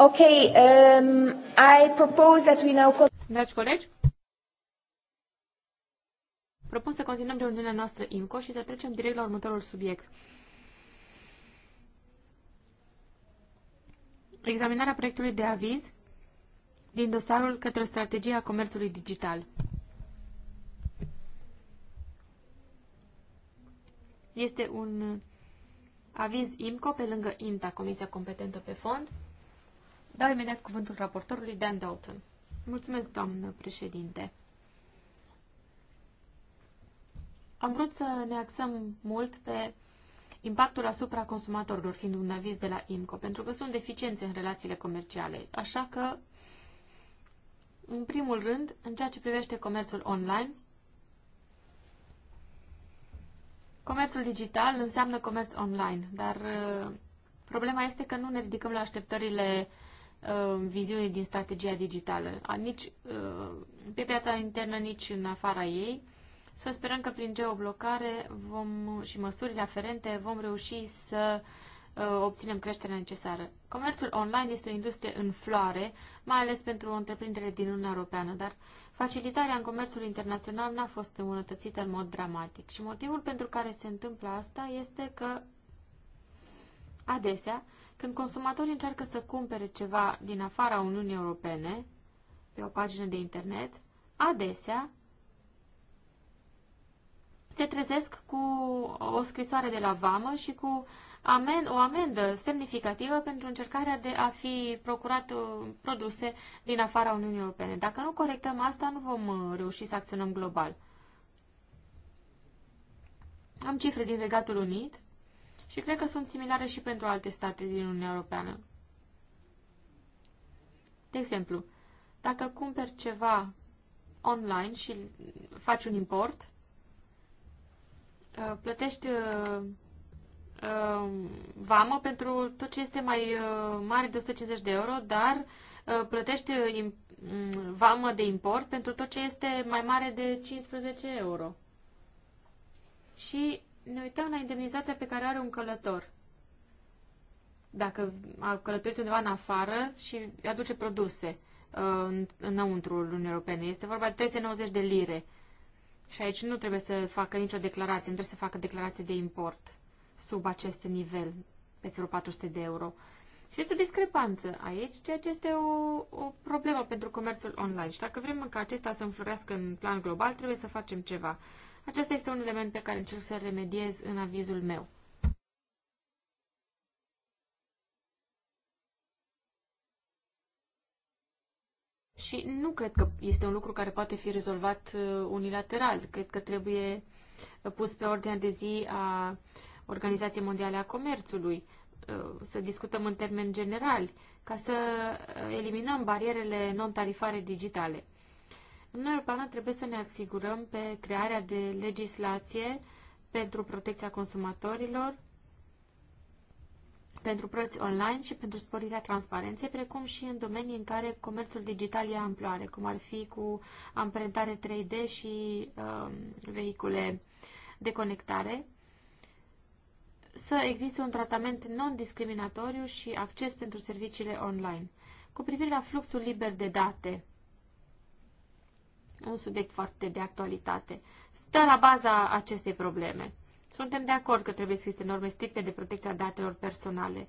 Ok, um, I propose that we now... Dragi colegi, propun să continuăm reuniunea noastră IMCO și să trecem direct la următorul subiect. Examinarea proiectului de aviz din dosarul către strategia comerțului digital. Este un aviz IMCO pe lângă INTA, Comisia Competentă pe Fond, Dau imediat cuvântul raportorului Dan Dalton. Mulțumesc, doamnă președinte. Am vrut să ne axăm mult pe impactul asupra consumatorilor, fiind un aviz de la IMCO, pentru că sunt deficiențe în relațiile comerciale. Așa că, în primul rând, în ceea ce privește comerțul online, comerțul digital înseamnă comerț online, dar uh, problema este că nu ne ridicăm la așteptările uh, Uh, viziune din strategia digitală, nici uh, pe piața internă, nici în afara ei. Să sperăm că prin geoblocare vom, și măsurile aferente vom reuși să uh, obținem creșterea necesară. Comerțul online este o industrie în floare, mai ales pentru întreprinderile din Uniunea Europeană, dar facilitarea în comerțul internațional n-a fost îmbunătățită în mod dramatic. Și motivul pentru care se întâmplă asta este că adesea când consumatorii încearcă să cumpere ceva din afara Uniunii Europene, pe o pagină de internet, adesea se trezesc cu o scrisoare de la vamă și cu amen, o amendă semnificativă pentru încercarea de a fi procurat uh, produse din afara Uniunii Europene. Dacă nu corectăm asta, nu vom uh, reuși să acționăm global. Am cifre din Regatul Unit și cred că sunt similare și pentru alte state din Uniunea Europeană. De exemplu, dacă cumperi ceva online și faci un import, uh, plătești uh, uh, vamă pentru tot ce este mai mare de 150 de euro, dar plătești mm, vamă de import pentru tot ce este mai mare de 15 euro. Și ne uităm la indemnizația pe care are un călător. Dacă a călătorit undeva în afară și aduce produse uh, înăuntru Uniunii Europene, este vorba de 390 de lire. Și aici nu trebuie să facă nicio declarație, nu trebuie să facă declarație de import sub acest nivel, peste 400 de euro. Și este o discrepanță aici, ceea ce este o, o problemă pentru comerțul online. Și dacă vrem ca acesta să înflorească în plan global, trebuie să facem ceva. Acesta este un element pe care încerc să-l remediez în avizul meu. Și nu cred că este un lucru care poate fi rezolvat uh, unilateral. Cred că trebuie uh, pus pe ordinea de zi a Organizației Mondiale a Comerțului, uh, să discutăm în termeni generali, ca să eliminăm barierele non-tarifare digitale. Uniunea Europeană trebuie să ne asigurăm pe crearea de legislație pentru protecția consumatorilor, pentru plăți online și pentru sporirea transparenței, precum și în domenii în care comerțul digital ia amploare, cum ar fi cu amprentare 3D și um, vehicule de conectare, să existe un tratament non-discriminatoriu și acces pentru serviciile online. Cu privire la fluxul liber de date, un subiect foarte de actualitate, stă la baza acestei probleme. Suntem de acord că trebuie să existe norme stricte de protecția datelor personale.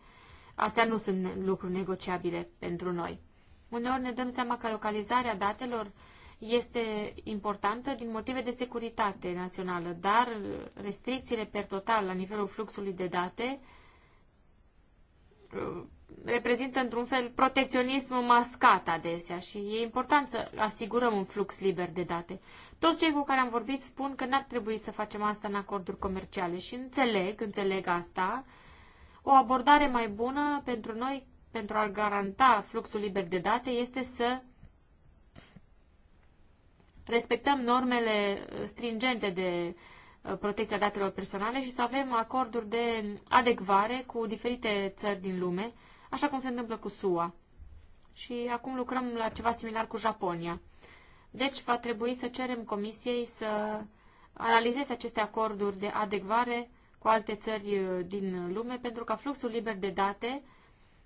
Astea nu sunt lucruri negociabile pentru noi. Uneori ne dăm seama că localizarea datelor este importantă din motive de securitate națională, dar restricțiile per total la nivelul fluxului de date Uh, reprezintă într-un fel protecționism mascat adesea și e important să asigurăm un flux liber de date. Toți cei cu care am vorbit spun că n-ar trebui să facem asta în acorduri comerciale și înțeleg, înțeleg asta. O abordare mai bună pentru noi, pentru a garanta fluxul liber de date, este să respectăm normele stringente de uh, Uh, protecția datelor personale și să avem acorduri de adecvare cu diferite țări din lume, așa cum se întâmplă cu SUA. Și acum lucrăm la ceva similar cu Japonia. Deci va trebui să cerem Comisiei să analizeze aceste acorduri de adecvare cu alte țări uh, din lume pentru ca fluxul liber de date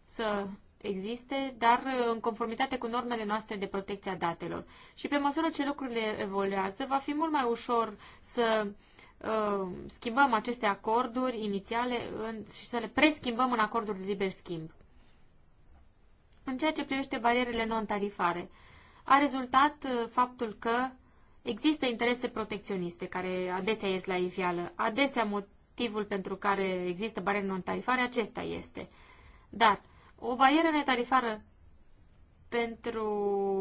să existe, dar uh, în conformitate cu normele noastre de protecție a datelor. Și pe măsură ce lucrurile evoluează, va fi mult mai ușor să uh, schimbăm aceste acorduri inițiale în, și să le preschimbăm în acorduri de liber schimb. În ceea ce privește barierele non-tarifare, a rezultat uh, faptul că există interese protecționiste care adesea ies la ivială. Adesea motivul pentru care există bariere non-tarifare acesta este. Dar o barieră netarifară pentru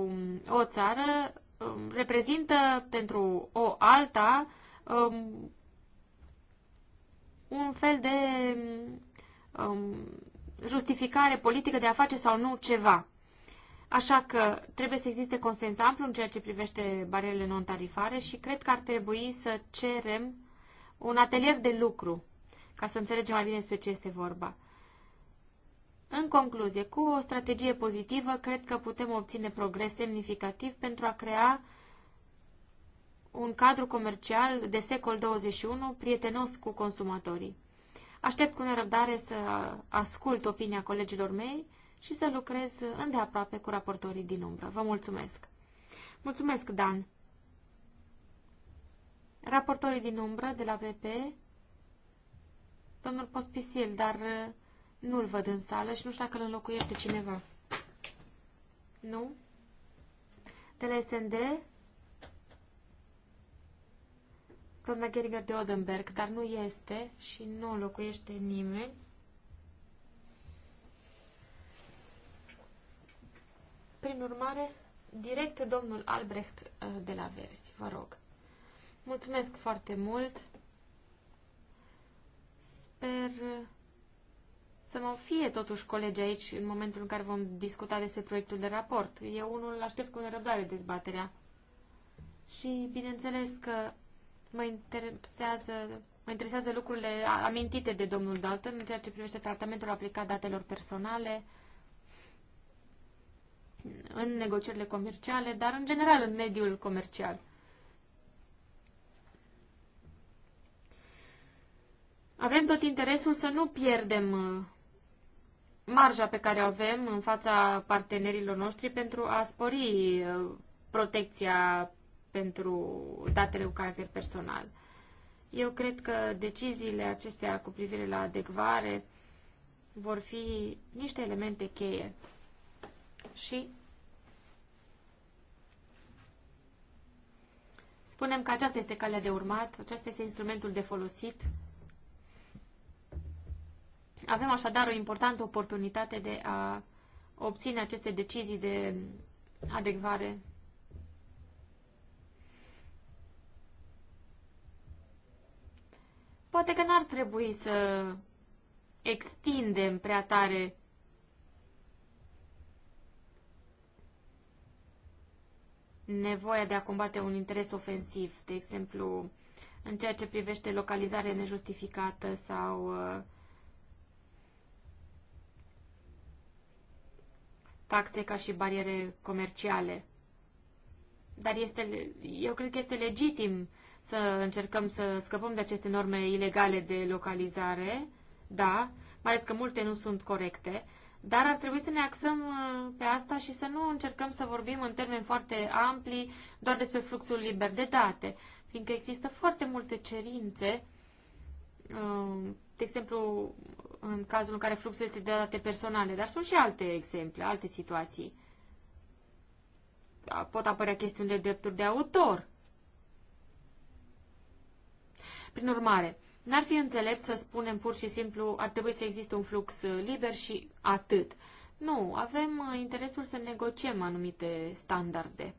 um, o țară um, reprezintă pentru o alta um, un fel de um, justificare politică de a face sau nu ceva. Așa că trebuie să existe consens amplu în ceea ce privește barierele non-tarifare și cred că ar trebui să cerem un atelier de lucru ca să înțelegem mai bine despre ce este vorba. În concluzie, cu o strategie pozitivă, cred că putem obține progres semnificativ pentru a crea un cadru comercial de secol 21 prietenos cu consumatorii. Aștept cu nerăbdare să ascult opinia colegilor mei și să lucrez îndeaproape cu raportorii din umbră. Vă mulțumesc! Mulțumesc, Dan! Raportorii din umbră de la PP, domnul Pospisil, dar uh, nu-l văd în sală și nu știu dacă îl înlocuiește cineva. Nu? De la SND, Doamna Geringer de Odenberg, dar nu este și nu locuiește nimeni. Prin urmare, direct domnul Albrecht uh, de la Versi, vă rog. Mulțumesc foarte mult. Sper să mă fie totuși colegi aici în momentul în care vom discuta despre proiectul de raport. Eu unul aștept cu nerăbdare dezbaterea. Și bineînțeles că mă interesează, mă interesează lucrurile amintite de domnul Dalton în ceea ce privește tratamentul aplicat datelor personale în negocierile comerciale, dar în general în mediul comercial. Avem tot interesul să nu pierdem uh, marja pe care o avem în fața partenerilor noștri pentru a spori uh, protecția pentru datele cu caracter personal. Eu cred că deciziile acestea cu privire la adecvare vor fi niște elemente cheie. Și spunem că aceasta este calea de urmat, acesta este instrumentul de folosit. Avem așadar o importantă oportunitate de a obține aceste decizii de adecvare Poate că n-ar trebui să extindem prea tare nevoia de a combate un interes ofensiv, de exemplu, în ceea ce privește localizare nejustificată sau uh, taxe ca și bariere comerciale dar este, eu cred că este legitim să încercăm să scăpăm de aceste norme ilegale de localizare, da, mai ales că multe nu sunt corecte, dar ar trebui să ne axăm uh, pe asta și să nu încercăm să vorbim în termeni foarte ampli doar despre fluxul liber de date, fiindcă există foarte multe cerințe, uh, de exemplu, în cazul în care fluxul este de date personale, dar sunt și alte exemple, alte situații pot apărea chestiuni de drepturi de autor. Prin urmare, n-ar fi înțelept să spunem pur și simplu ar trebui să existe un flux uh, liber și atât. Nu, avem uh, interesul să negociem anumite standarde.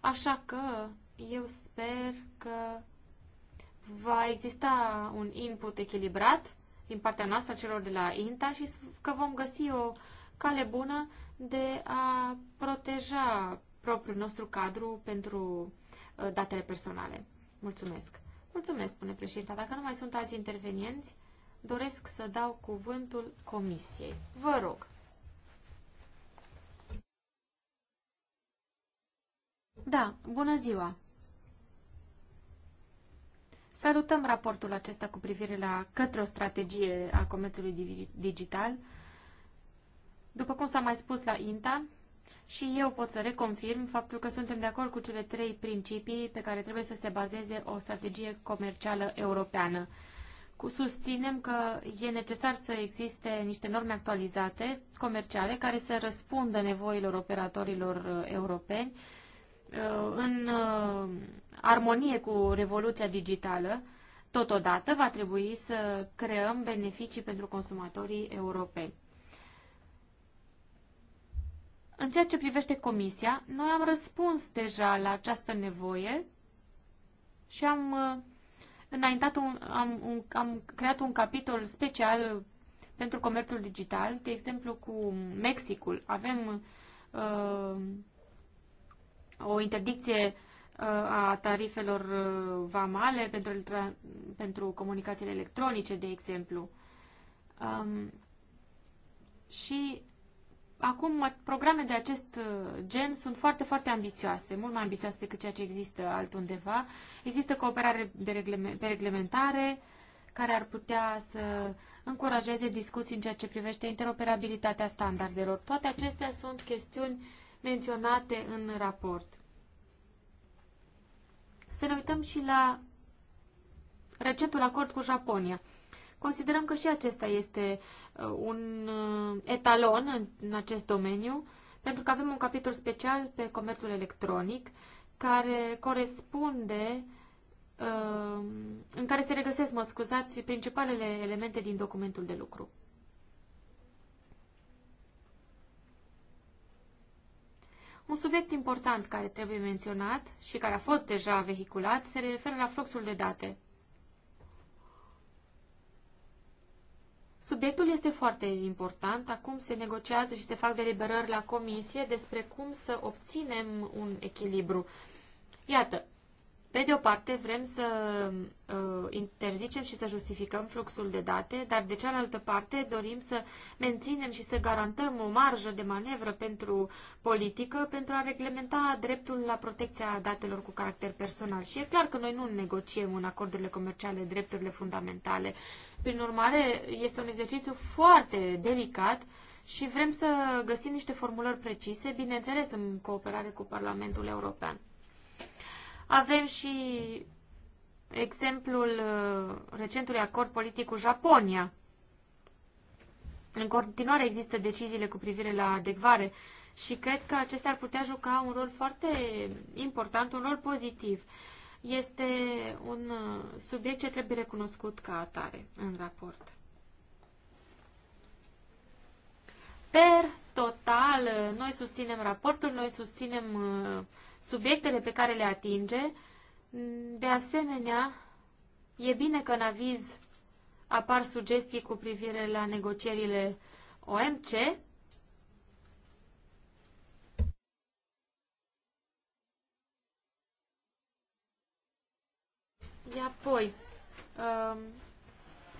Așa că eu sper că va exista un input echilibrat din partea noastră celor de la INTA și că vom găsi o cale bună de a proteja propriul nostru cadru pentru uh, datele personale. Mulțumesc. Mulțumesc, spune președinta. Dacă nu mai sunt alți intervenienți, doresc să dau cuvântul comisiei. Vă rog. Da, bună ziua! Salutăm raportul acesta cu privire la către o strategie a comerțului digital după cum s-a mai spus la INTA, și eu pot să reconfirm faptul că suntem de acord cu cele trei principii pe care trebuie să se bazeze o strategie comercială europeană. Cu susținem că e necesar să existe niște norme actualizate comerciale care să răspundă nevoilor operatorilor uh, europeni uh, în uh, armonie cu revoluția digitală. Totodată va trebui să creăm beneficii pentru consumatorii europeni. În ceea ce privește comisia, noi am răspuns deja la această nevoie și am uh, înaintat un, am, un, am creat un capitol special pentru comerțul digital, de exemplu cu Mexicul. Avem uh, o interdicție uh, a tarifelor uh, vamale pentru, pentru comunicațiile electronice, de exemplu. Um, și Acum, programe de acest uh, gen sunt foarte, foarte ambițioase, mult mai ambițioase decât ceea ce există altundeva. Există cooperare de reglement, pe reglementare, care ar putea să încurajeze discuții în ceea ce privește interoperabilitatea standardelor. Toate acestea sunt chestiuni menționate în raport. Să ne uităm și la recentul acord cu Japonia. Considerăm că și acesta este uh, un uh, etalon în acest domeniu, pentru că avem un capitol special pe comerțul electronic care corespunde uh, în care se regăsesc, mă scuzați, principalele elemente din documentul de lucru. Un subiect important care trebuie menționat și care a fost deja vehiculat se referă la fluxul de date Subiectul este foarte important. Acum se negociază și se fac deliberări la comisie despre cum să obținem un echilibru. Iată, pe de o parte vrem să uh, interzicem și să justificăm fluxul de date, dar de cealaltă parte dorim să menținem și să garantăm o marjă de manevră pentru politică pentru a reglementa dreptul la protecția datelor cu caracter personal. Și e clar că noi nu negociem în acordurile comerciale drepturile fundamentale. Prin urmare, este un exercițiu foarte delicat și vrem să găsim niște formulări precise, bineînțeles în cooperare cu Parlamentul European. Avem și exemplul uh, recentului acord politic cu Japonia. În continuare există deciziile cu privire la adecvare și cred că acestea ar putea juca un rol foarte important, un rol pozitiv este un uh, subiect ce trebuie recunoscut ca atare în raport. Per total, uh, noi susținem raportul, noi susținem uh, subiectele pe care le atinge. De asemenea, e bine că în aviz apar sugestii cu privire la negocierile OMC, Ia apoi, um,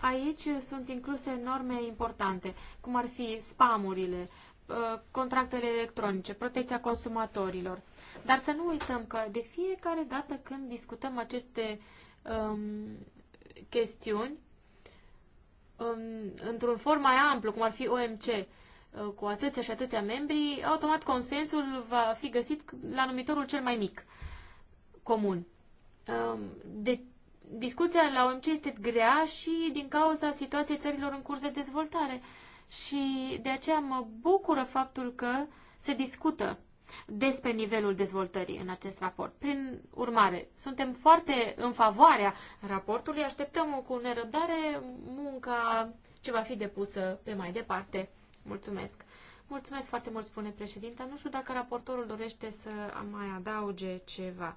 aici sunt incluse norme importante, cum ar fi spamurile, uh, contractele electronice, protecția consumatorilor. Dar să nu uităm că de fiecare dată când discutăm aceste um, chestiuni, um, într-un for mai amplu, cum ar fi OMC, uh, cu atâția și atâția membri, automat consensul va fi găsit la numitorul cel mai mic comun. Um, de discuția la OMC este grea și din cauza situației țărilor în curs de dezvoltare. Și de aceea mă bucură faptul că se discută despre nivelul dezvoltării în acest raport. Prin urmare, suntem foarte în favoarea raportului, așteptăm cu nerăbdare munca ce va fi depusă pe mai departe. Mulțumesc! Mulțumesc foarte mult, spune președinta. Nu știu dacă raportorul dorește să mai adauge ceva.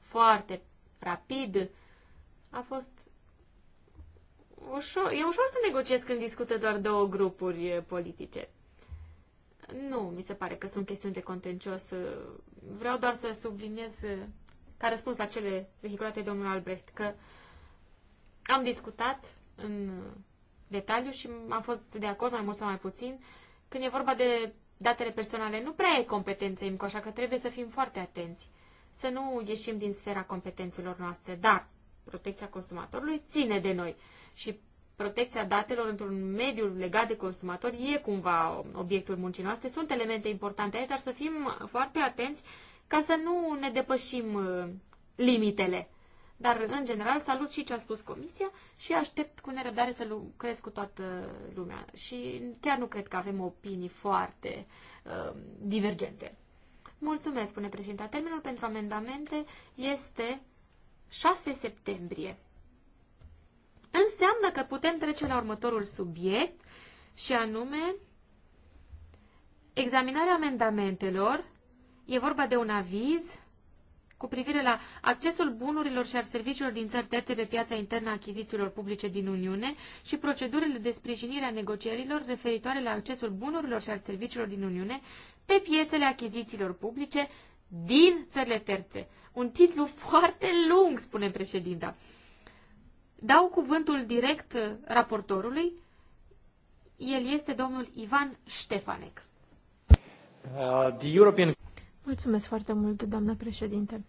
Foarte rapid. A fost ușor, e ușor să negociez când discută doar două grupuri eh, politice. Nu, mi se pare că sunt chestiuni de contencios. Eh, vreau doar să subliniez, eh, ca răspuns la cele vehiculate domnul Albrecht, că am discutat în detaliu și am fost de acord mai mult sau mai puțin când e vorba de datele personale. Nu prea e competență IMCO, așa că trebuie să fim foarte atenți să nu ieșim din sfera competențelor noastre, dar protecția consumatorului ține de noi și protecția datelor într-un mediu legat de consumatori e cumva obiectul muncii noastre. Sunt elemente importante aici, dar să fim foarte atenți ca să nu ne depășim uh, limitele. Dar, în general, salut și ce a spus Comisia și aștept cu nerăbdare să lucrez cu toată lumea. Și chiar nu cred că avem opinii foarte uh, divergente. Mulțumesc, spune președinta. Termenul pentru amendamente este 6 septembrie. Înseamnă că putem trece la următorul subiect și anume examinarea amendamentelor. E vorba de un aviz cu privire la accesul bunurilor și al serviciilor din țări terțe pe piața internă a achizițiilor publice din Uniune și procedurile de sprijinire a negocierilor referitoare la accesul bunurilor și al serviciilor din Uniune pe piețele achizițiilor publice din țările terțe. Un titlu foarte lung, spune președinta. Dau cuvântul direct raportorului. El este domnul Ivan Ștefanec. Uh, the European... Mulțumesc foarte mult, doamna președinte.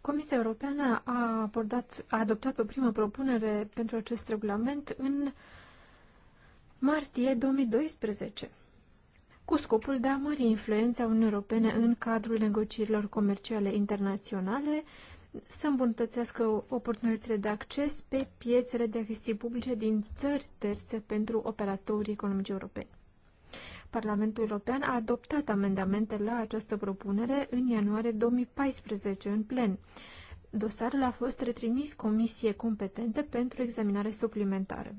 Comisia Europeană a, abordat, a adoptat o primă propunere pentru acest regulament în martie 2012 cu scopul de a mări influența Uniunii Europene în cadrul negocierilor comerciale internaționale, să îmbunătățească oportunitățile de acces pe piețele de achiziții publice din țări terțe pentru operatorii economici europeni. Parlamentul European a adoptat amendamente la această propunere în ianuarie 2014 în plen. Dosarul a fost retrimis comisiei competente pentru examinare suplimentară.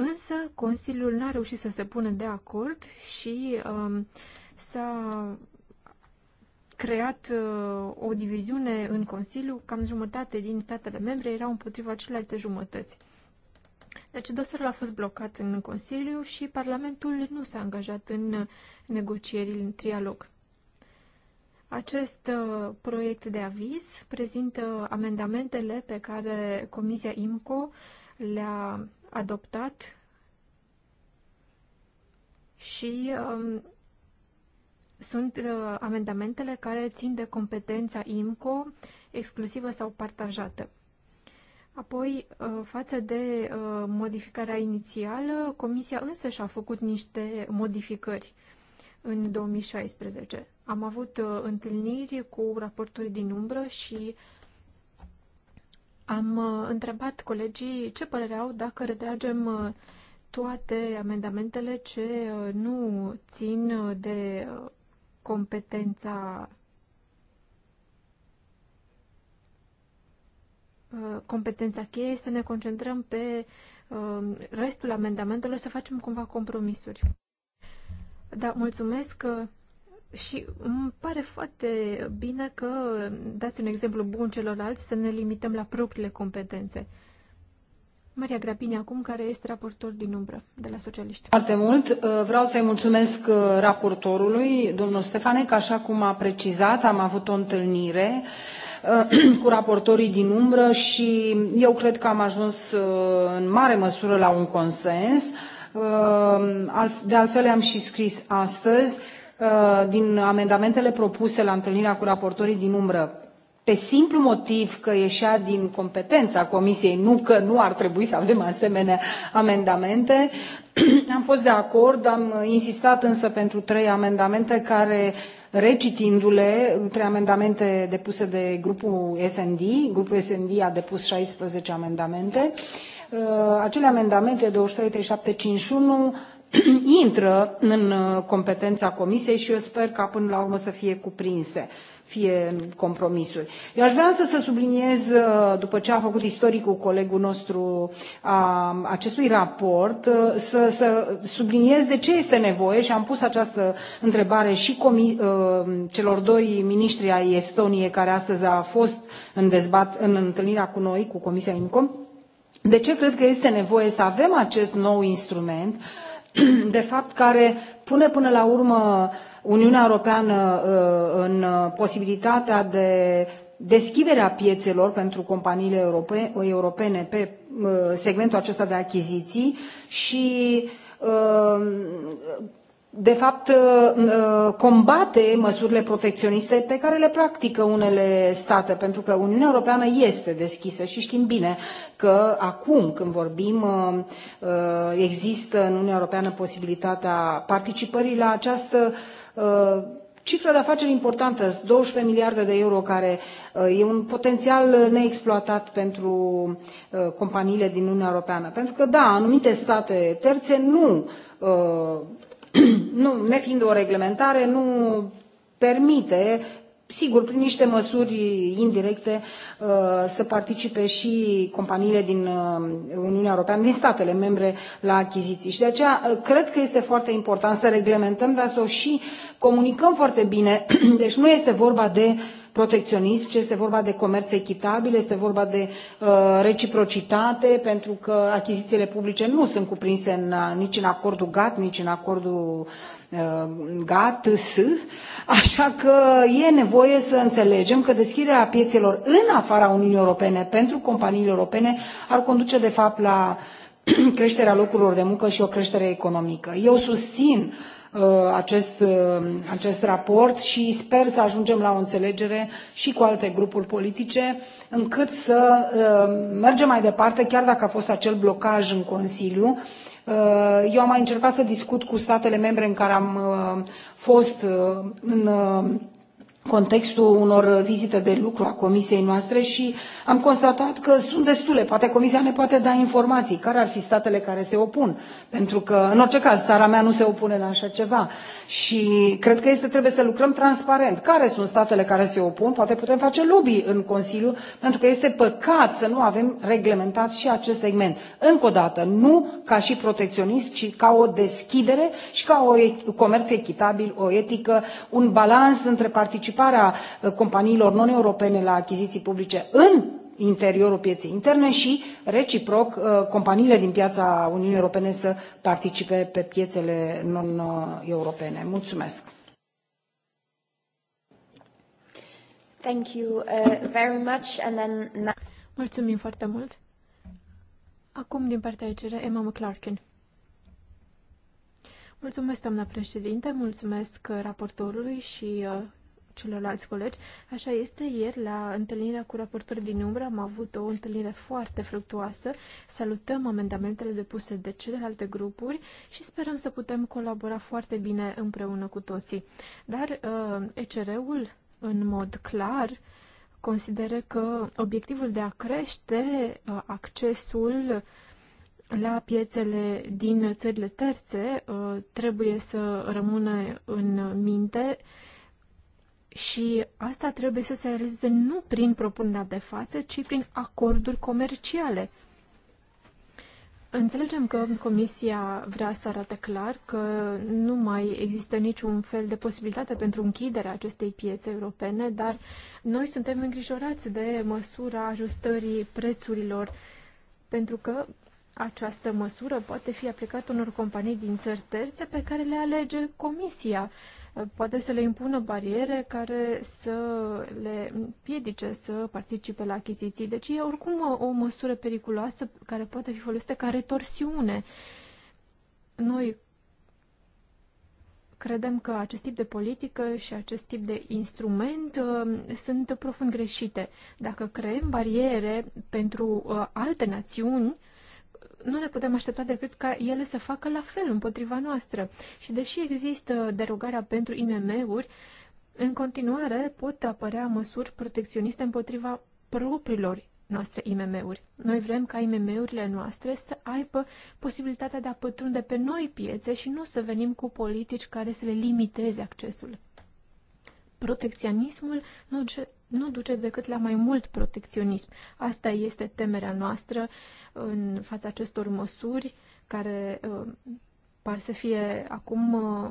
Însă Consiliul n-a reușit să se pună de acord și um, s-a creat uh, o diviziune în Consiliu, cam jumătate din statele membre erau împotriva celelalte jumătăți. Deci dosarul a fost blocat în Consiliu și Parlamentul nu s-a angajat în negocieri în trialog. Acest uh, proiect de aviz prezintă amendamentele pe care Comisia IMCO le-a adoptat și um, sunt uh, amendamentele care țin de competența IMCO exclusivă sau partajată. Apoi, uh, față de uh, modificarea inițială, Comisia însă și-a făcut niște modificări în 2016. Am avut uh, întâlniri cu raporturi din umbră și uh, am uh, întrebat colegii ce părere au dacă retragem uh, toate amendamentele ce uh, nu țin de competența competența cheie, să ne concentrăm pe restul amendamentelor, să facem cumva compromisuri. Da, mulțumesc. Și îmi pare foarte bine că dați un exemplu bun celorlalți să ne limităm la propriile competențe. Maria Grapini acum, care este raportor din umbră de la Socialiști. Foarte mult. Uh, vreau să-i mulțumesc uh, raportorului, domnul Stefanec, așa cum a precizat, am avut o întâlnire uh, cu raportorii din umbră și eu cred că am ajuns în mare măsură la un consens. De altfel, am și scris astăzi Uh, din amendamentele propuse la întâlnirea cu raportorii din umbră pe simplu motiv că ieșea din competența comisiei nu că nu ar trebui să avem asemenea amendamente am fost de acord am insistat însă pentru trei amendamente care recitindu le trei amendamente depuse de grupul sd grupul sd a depus șaisprezece amendamente uh, acele amendamente douăzeci și trei treizeci și șapte cincizeci și unu intră în uh, competența Comisiei și eu sper ca până la urmă să fie cuprinse fie în compromisuri. Eu aș vrea să să subliniez, uh, după ce a făcut istoricul colegul nostru a acestui raport, uh, să, să subliniez de ce este nevoie și am pus această întrebare și comi, celor doi miniștri ai Estoniei care astăzi a fost în, dezbat, în întâlnirea cu noi, cu Comisia IMCOM, de ce cred că este nevoie să avem acest nou instrument uh, de fapt, care pune până la urmă Uniunea Europeană uh, în uh, posibilitatea de deschidere a piețelor pentru companiile europene pe uh, segmentul acesta de achiziții și de fapt, uh, uh, combate măsurile protecționiste pe care le practică unele state, pentru că Uniunea Europeană este deschisă și știm bine că acum, când vorbim, uh, există în Uniunea Europeană posibilitatea participării la această cifră de afaceri importantă, 12 miliarde de euro, care e un potențial neexploatat pentru companiile din Uniunea Europeană. Pentru că, da, anumite state terțe nu nu, nefiind o reglementare, nu permite sigur, prin niște măsuri indirecte, uh, să participe și companiile din uh, Uniunea Europeană, din statele membre, la achiziții. Și de aceea, uh, cred că este foarte important să reglementăm, dar să o și comunicăm foarte bine. Deci nu este vorba de protecționism, ci este vorba de comerț echitabil, este vorba de reciprocitate, pentru că achizițiile publice nu sunt cuprinse în, nici în acordul GATT, nici în acordul Uh, GAT, S, așa că e nevoie să înțelegem că deschiderea piețelor în afara Uniunii Europene pentru companiile europene ar conduce de fapt la creșterea locurilor de muncă și o creștere economică. Eu susțin uh, acest, uh, acest raport și sper să ajungem la o înțelegere și cu alte grupuri politice încât să mergem mai departe chiar dacă a fost acel blocaj în consiliu și Uh, eu am mai încercat să discut cu statele membre în care am uh, fost uh, în contextul unor vizite de lucru a comisiei noastre și am constatat că sunt destule. Poate comisia ne poate da informații. Care ar fi statele care se opun? Pentru că, în orice caz, țara mea nu se opune la așa ceva. Și cred că este, trebuie să lucrăm transparent. Care sunt statele care se opun? Poate putem face lobby în Consiliu, pentru că este păcat să nu avem reglementat și acest segment. Încă o dată, nu ca și protecționist, ci ca o deschidere și ca o comerț echitabil, o etică, un balans între participanți participarea uh, companiilor non-europene la achiziții publice în interiorul pieței interne și reciproc uh, companiile din piața Uniunii Europene să participe pe piețele non-europene. Mulțumesc! Thank you uh, very much and then Mulțumim foarte mult. Acum din partea ECR, Emma McClarkin. Mulțumesc, doamna președinte, mulțumesc raportorului și celorlalți colegi. Așa este, ieri la întâlnirea cu raportori din umbră am avut o întâlnire foarte fructuoasă. Salutăm amendamentele depuse de celelalte grupuri și sperăm să putem colabora foarte bine împreună cu toții. Dar uh, ECR-ul, în mod clar, consideră că obiectivul de a crește uh, accesul la piețele din țările terțe uh, trebuie să rămână în minte și asta trebuie să se realizeze nu prin propunerea de față, ci prin acorduri comerciale. Înțelegem că Comisia vrea să arate clar că nu mai există niciun fel de posibilitate pentru închiderea acestei piețe europene, dar noi suntem îngrijorați de măsura ajustării prețurilor, pentru că această măsură poate fi aplicată unor companii din țări terțe pe care le alege Comisia poate să le impună bariere care să le piedice să participe la achiziții. Deci e oricum o măsură periculoasă care poate fi folosită ca retorsiune. Noi credem că acest tip de politică și acest tip de instrument uh, sunt profund greșite. Dacă creăm bariere pentru uh, alte națiuni, uh, nu ne putem aștepta decât ca ele să facă la fel împotriva noastră. Și deși există derogarea pentru IMM-uri, în continuare pot apărea măsuri protecționiste împotriva propriilor noastre IMM-uri. Noi vrem ca IMM-urile noastre să aibă posibilitatea de a pătrunde pe noi piețe și nu să venim cu politici care să le limiteze accesul. Protecționismul nu, nu duce decât la mai mult protecționism. Asta este temerea noastră în fața acestor măsuri care uh, par să fie acum uh,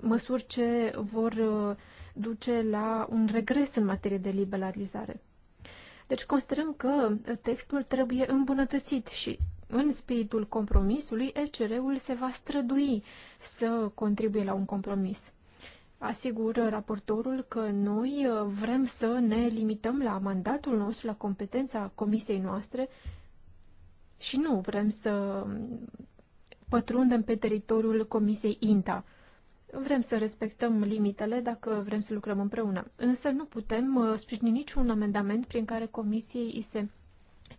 măsuri ce vor uh, duce la un regres în materie de liberalizare. Deci considerăm că textul trebuie îmbunătățit și în spiritul compromisului, ECR-ul se va strădui să contribuie la un compromis asigură raportorul că noi uh, vrem să ne limităm la mandatul nostru, la competența comisiei noastre și nu vrem să pătrundem pe teritoriul comisiei INTA. Vrem să respectăm limitele dacă vrem să lucrăm împreună. Însă nu putem uh, sprijini niciun amendament prin care comisiei îi se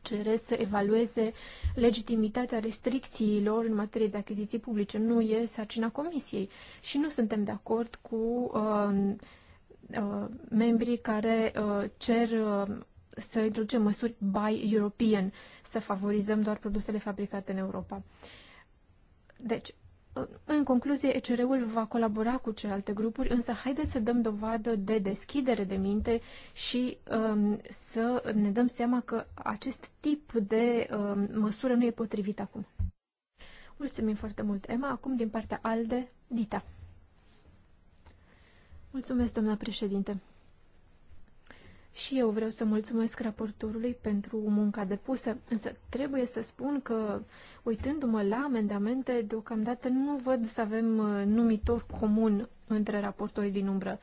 cere să evalueze legitimitatea restricțiilor în materie de achiziții publice. Nu e sarcina comisiei și nu suntem de acord cu uh, uh, membrii care uh, cer uh, să introducem măsuri by European, să favorizăm doar produsele fabricate în Europa. Deci, în concluzie, ECR-ul va colabora cu celelalte grupuri, însă haideți să dăm dovadă de deschidere de minte și um, să ne dăm seama că acest tip de um, măsură nu e potrivit acum. Mulțumim foarte mult, Emma. Acum, din partea ALDE, Dita. Mulțumesc, doamna președinte. Și eu vreau să mulțumesc raportorului pentru munca depusă, însă trebuie să spun că, uitându-mă la amendamente, deocamdată nu văd să avem uh, numitor comun între raportorii din umbră.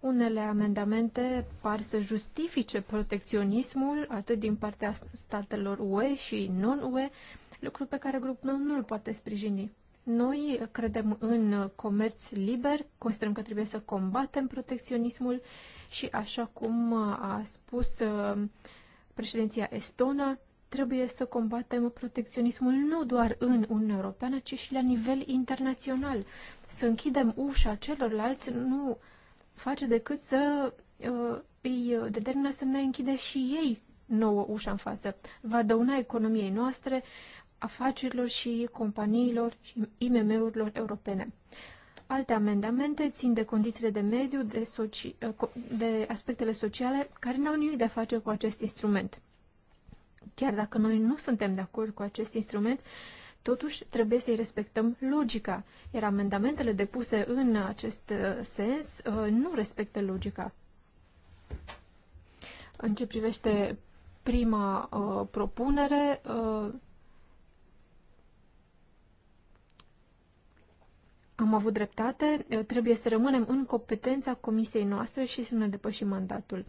Unele amendamente par să justifice protecționismul atât din partea statelor UE și non-UE, lucru pe care grupul meu nu îl poate sprijini. Noi credem în comerț liber, considerăm că trebuie să combatem protecționismul și așa cum uh, a spus uh, președinția estonă, trebuie să combatem protecționismul nu doar în Uniunea Europeană, ci și la nivel internațional. Să închidem ușa celorlalți nu face decât să uh, îi determină să ne închide și ei nouă ușa în față. Va dăuna economiei noastre, afacerilor și companiilor și IMM-urilor europene. Alte amendamente țin de condițiile de mediu, de, soci... Eh, de aspectele sociale, care n-au nimic de a face cu acest instrument. Chiar dacă noi nu suntem de acord cu acest instrument, totuși trebuie să-i respectăm logica, iar amendamentele depuse în acest eh, sens eh, nu respectă logica. În ce privește prima uh, propunere, uh, am avut dreptate, trebuie să rămânem în competența comisiei noastre și să ne depășim mandatul.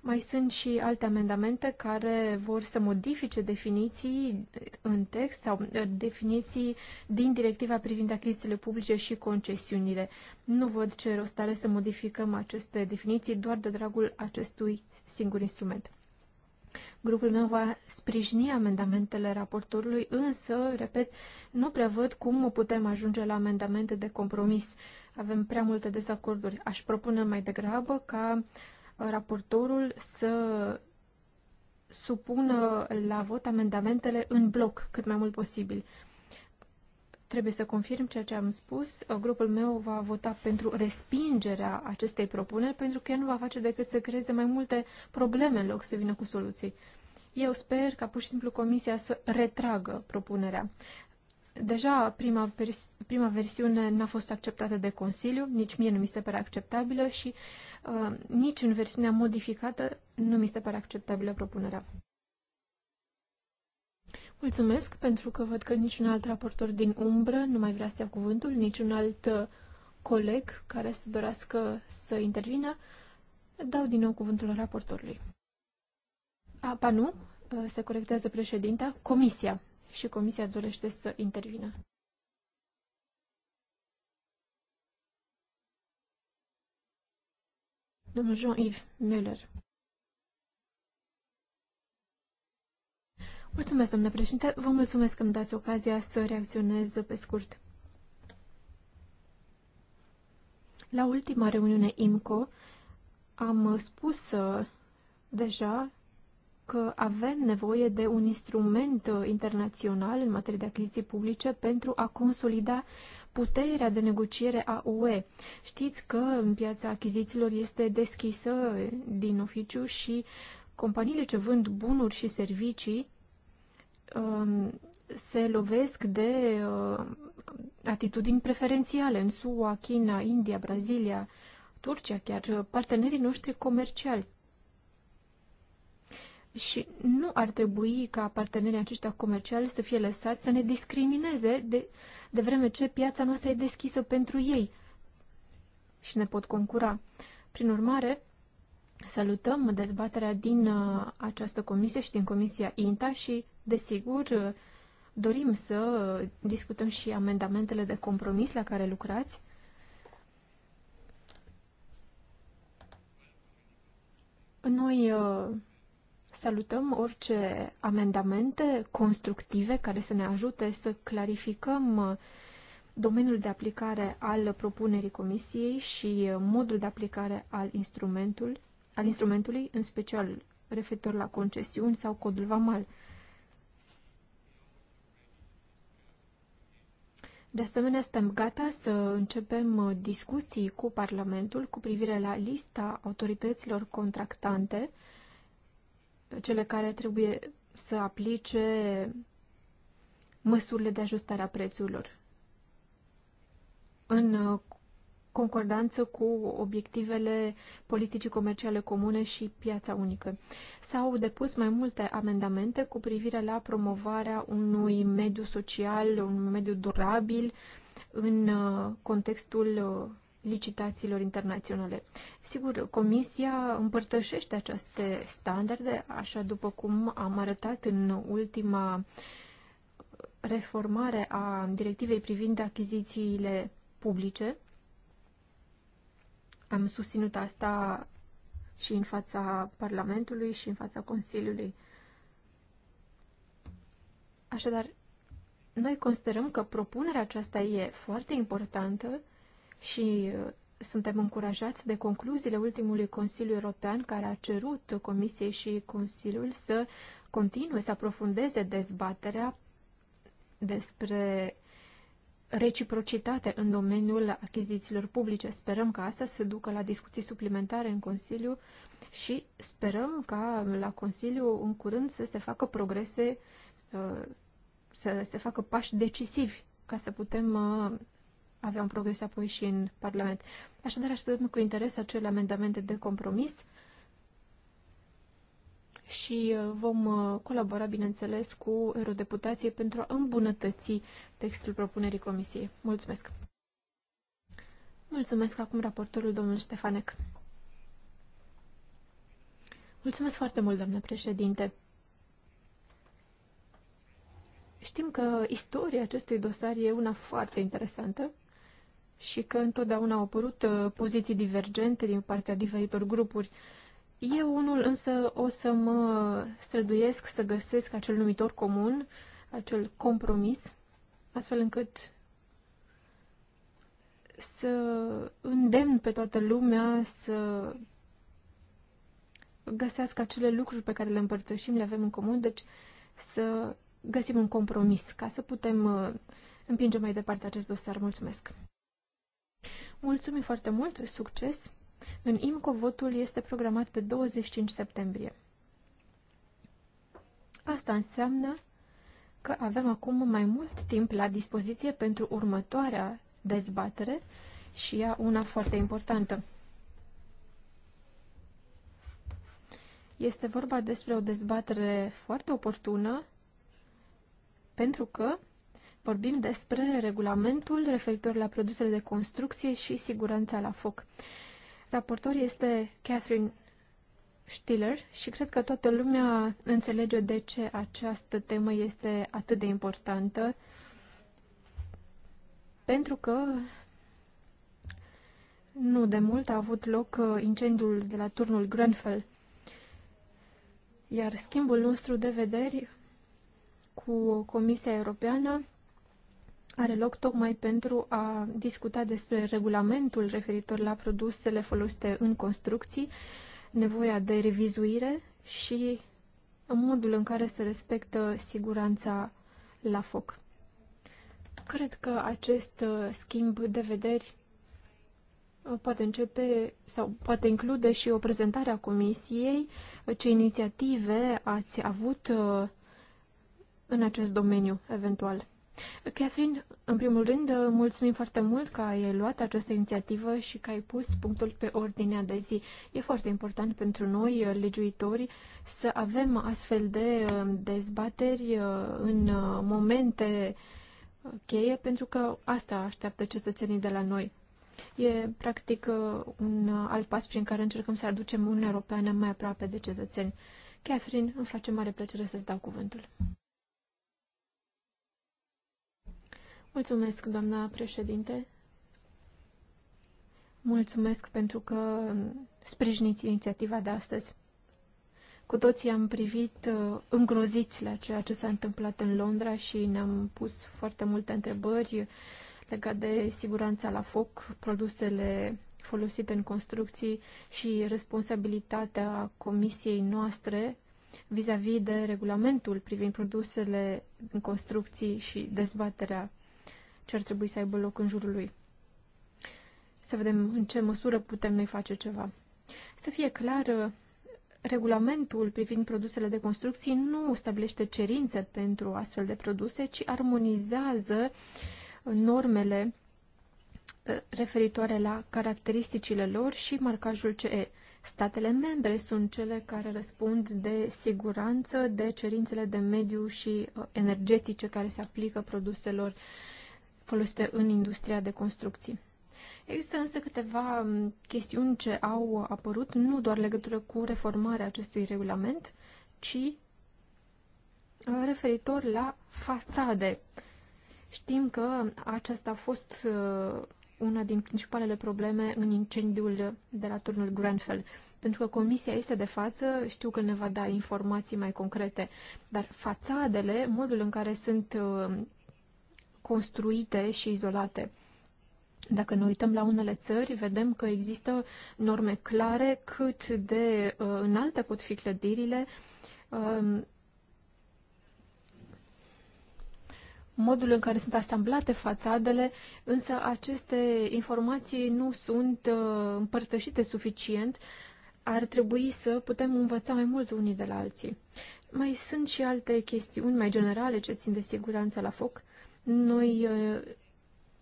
Mai sunt și alte amendamente care vor să modifice definiții în text sau definiții din directiva privind achizițiile publice și concesiunile. Nu văd ce rost are să modificăm aceste definiții doar de dragul acestui singur instrument. Grupul meu va sprijini amendamentele raportorului, însă, repet, nu prea văd cum putem ajunge la amendamente de compromis. Avem prea multe dezacorduri. Aș propune mai degrabă ca uh, raportorul să supună la vot amendamentele în bloc cât mai mult posibil. Trebuie să confirm ceea ce am spus. Uh, grupul meu va vota pentru respingerea acestei propuneri, pentru că ea nu va face decât să creeze mai multe probleme în loc să vină cu soluții. Eu sper ca pur și simplu Comisia să retragă propunerea. Deja prima, prima versiune n-a fost acceptată de Consiliu, nici mie nu mi se pare acceptabilă și uh, nici în versiunea modificată nu mi se pare acceptabilă propunerea. Mulțumesc pentru că văd că niciun alt raportor din umbră nu mai vrea să ia cuvântul, niciun alt uh, coleg care să dorească să intervină. Dau din nou cuvântul raportorului. Apa nu, uh, se corectează președinta, comisia. Și comisia dorește să intervină. Domnul Jean-Yves Müller. Mulțumesc, domnule președinte. Vă mulțumesc că îmi dați ocazia să reacționez pe scurt. La ultima reuniune IMCO am spus uh, deja că avem nevoie de un instrument uh, internațional în materie de achiziții publice pentru a consolida puterea de negociere a UE. Știți că piața achizițiilor este deschisă uh, din oficiu și companiile ce vând bunuri și servicii Um, se lovesc de uh, atitudini preferențiale în SUA, China, India, Brazilia, Turcia, chiar uh, partenerii noștri comerciali. Și nu ar trebui ca partenerii aceștia comerciali să fie lăsați să ne discrimineze de, de vreme ce piața noastră e deschisă pentru ei și ne pot concura. Prin urmare, Salutăm dezbaterea din uh, această comisie și din comisia INTA și, desigur, uh, dorim să discutăm și amendamentele de compromis la care lucrați. Noi uh, salutăm orice amendamente constructive care să ne ajute să clarificăm domeniul de aplicare al propunerii comisiei și modul de aplicare al instrumentului al instrumentului, în special referitor la concesiuni sau codul VAMAL. De asemenea, suntem gata să începem uh, discuții cu Parlamentul cu privire la lista autorităților contractante, cele care trebuie să aplice măsurile de ajustare a prețurilor. În uh, concordanță cu obiectivele politicii comerciale comune și piața unică. S-au depus mai multe amendamente cu privire la promovarea unui mediu social, un mediu durabil în uh, contextul uh, licitațiilor internaționale. Sigur, Comisia împărtășește aceste standarde, așa după cum am arătat în ultima reformare a directivei privind achizițiile publice, am susținut asta și în fața Parlamentului și în fața Consiliului. Așadar, noi considerăm că propunerea aceasta e foarte importantă și uh, suntem încurajați de concluziile ultimului Consiliu European care a cerut Comisiei și Consiliul să continue să aprofundeze dezbaterea despre reciprocitate în domeniul achizițiilor publice. Sperăm că asta se ducă la discuții suplimentare în Consiliu și sperăm ca la Consiliu în curând să se facă progrese, uh, să se facă pași decisivi ca să putem uh, avea un progres apoi și în Parlament. Așadar, așteptăm cu interes acele amendamente de compromis și uh, vom uh, colabora, bineînțeles, cu eurodeputații pentru a îmbunătăți textul propunerii Comisiei. Mulțumesc! Mulțumesc acum raportorul domnul Ștefanec. Mulțumesc foarte mult, doamnă președinte. Știm că istoria acestui dosar e una foarte interesantă și că întotdeauna au apărut uh, poziții divergente din partea diferitor grupuri. Eu unul însă o să mă străduiesc să găsesc acel numitor comun, acel compromis, astfel încât să îndemn pe toată lumea să găsească acele lucruri pe care le împărtășim, le avem în comun, deci să găsim un compromis ca să putem uh, împinge mai departe acest dosar. Mulțumesc! Mulțumim foarte mult, succes! În IMCO votul este programat pe 25 septembrie. Asta înseamnă că avem acum mai mult timp la dispoziție pentru următoarea dezbatere și ea una foarte importantă. Este vorba despre o dezbatere foarte oportună pentru că vorbim despre regulamentul referitor la produsele de construcție și siguranța la foc. Raportor este Catherine Stiller și cred că toată lumea înțelege de ce această temă este atât de importantă. Pentru că nu de mult a avut loc uh, incendiul de la turnul Grenfell. Iar schimbul nostru de vederi cu Comisia Europeană are loc tocmai pentru a discuta despre regulamentul referitor la produsele folosite în construcții, nevoia de revizuire și modul în care se respectă siguranța la foc. Cred că acest uh, schimb de vederi uh, poate începe sau poate include și o prezentare a Comisiei, ce inițiative ați avut uh, în acest domeniu eventual. Catherine, în primul rând, mulțumim foarte mult că ai luat această inițiativă și că ai pus punctul pe ordinea de zi. E foarte important pentru noi, uh, legiuitori, să avem astfel de uh, dezbateri uh, în momente cheie, pentru că asta așteaptă cetățenii de la noi. E, practic, un alt pas prin care încercăm să aducem Uniunea Europeană mai aproape de cetățeni. Catherine, îmi face mare plăcere să-ți dau cuvântul. Mulțumesc, doamna președinte. Mulțumesc pentru că sprijiniți inițiativa de astăzi. Cu toții am privit uh, îngroziți la ceea ce s-a întâmplat în Londra și ne-am pus foarte multe întrebări legate de siguranța la foc, produsele folosite în construcții și responsabilitatea comisiei noastre vis-a-vis -vis de regulamentul privind produsele în construcții și dezbaterea ce ar trebui să aibă loc în jurul lui. Să vedem în ce măsură putem noi face ceva. Să fie clar, regulamentul privind produsele de construcții nu stabilește cerințe pentru astfel de produse, ci armonizează normele ă, referitoare la caracteristicile lor și marcajul CE. Statele membre sunt cele care răspund de siguranță, de cerințele de mediu și ă, energetice care se aplică produselor folosite în industria de construcții. Există însă câteva chestiuni ce au apărut, nu doar legătură cu reformarea acestui regulament, ci uh, referitor la fațade. Știm că aceasta a fost uh, una din principalele probleme în incendiul de la turnul Grenfell. Pentru că comisia este de față, știu că ne va da informații mai concrete, dar fațadele, modul în care sunt uh, construite și izolate. Dacă ne uităm la unele țări, vedem că există norme clare cât de uh, înalte pot fi clădirile, uh, modul în care sunt asamblate fațadele, însă aceste informații nu sunt uh, împărtășite suficient. Ar trebui să putem învăța mai mult unii de la alții. Mai sunt și alte chestiuni mai generale ce țin de siguranța la foc. Uh, noi uh,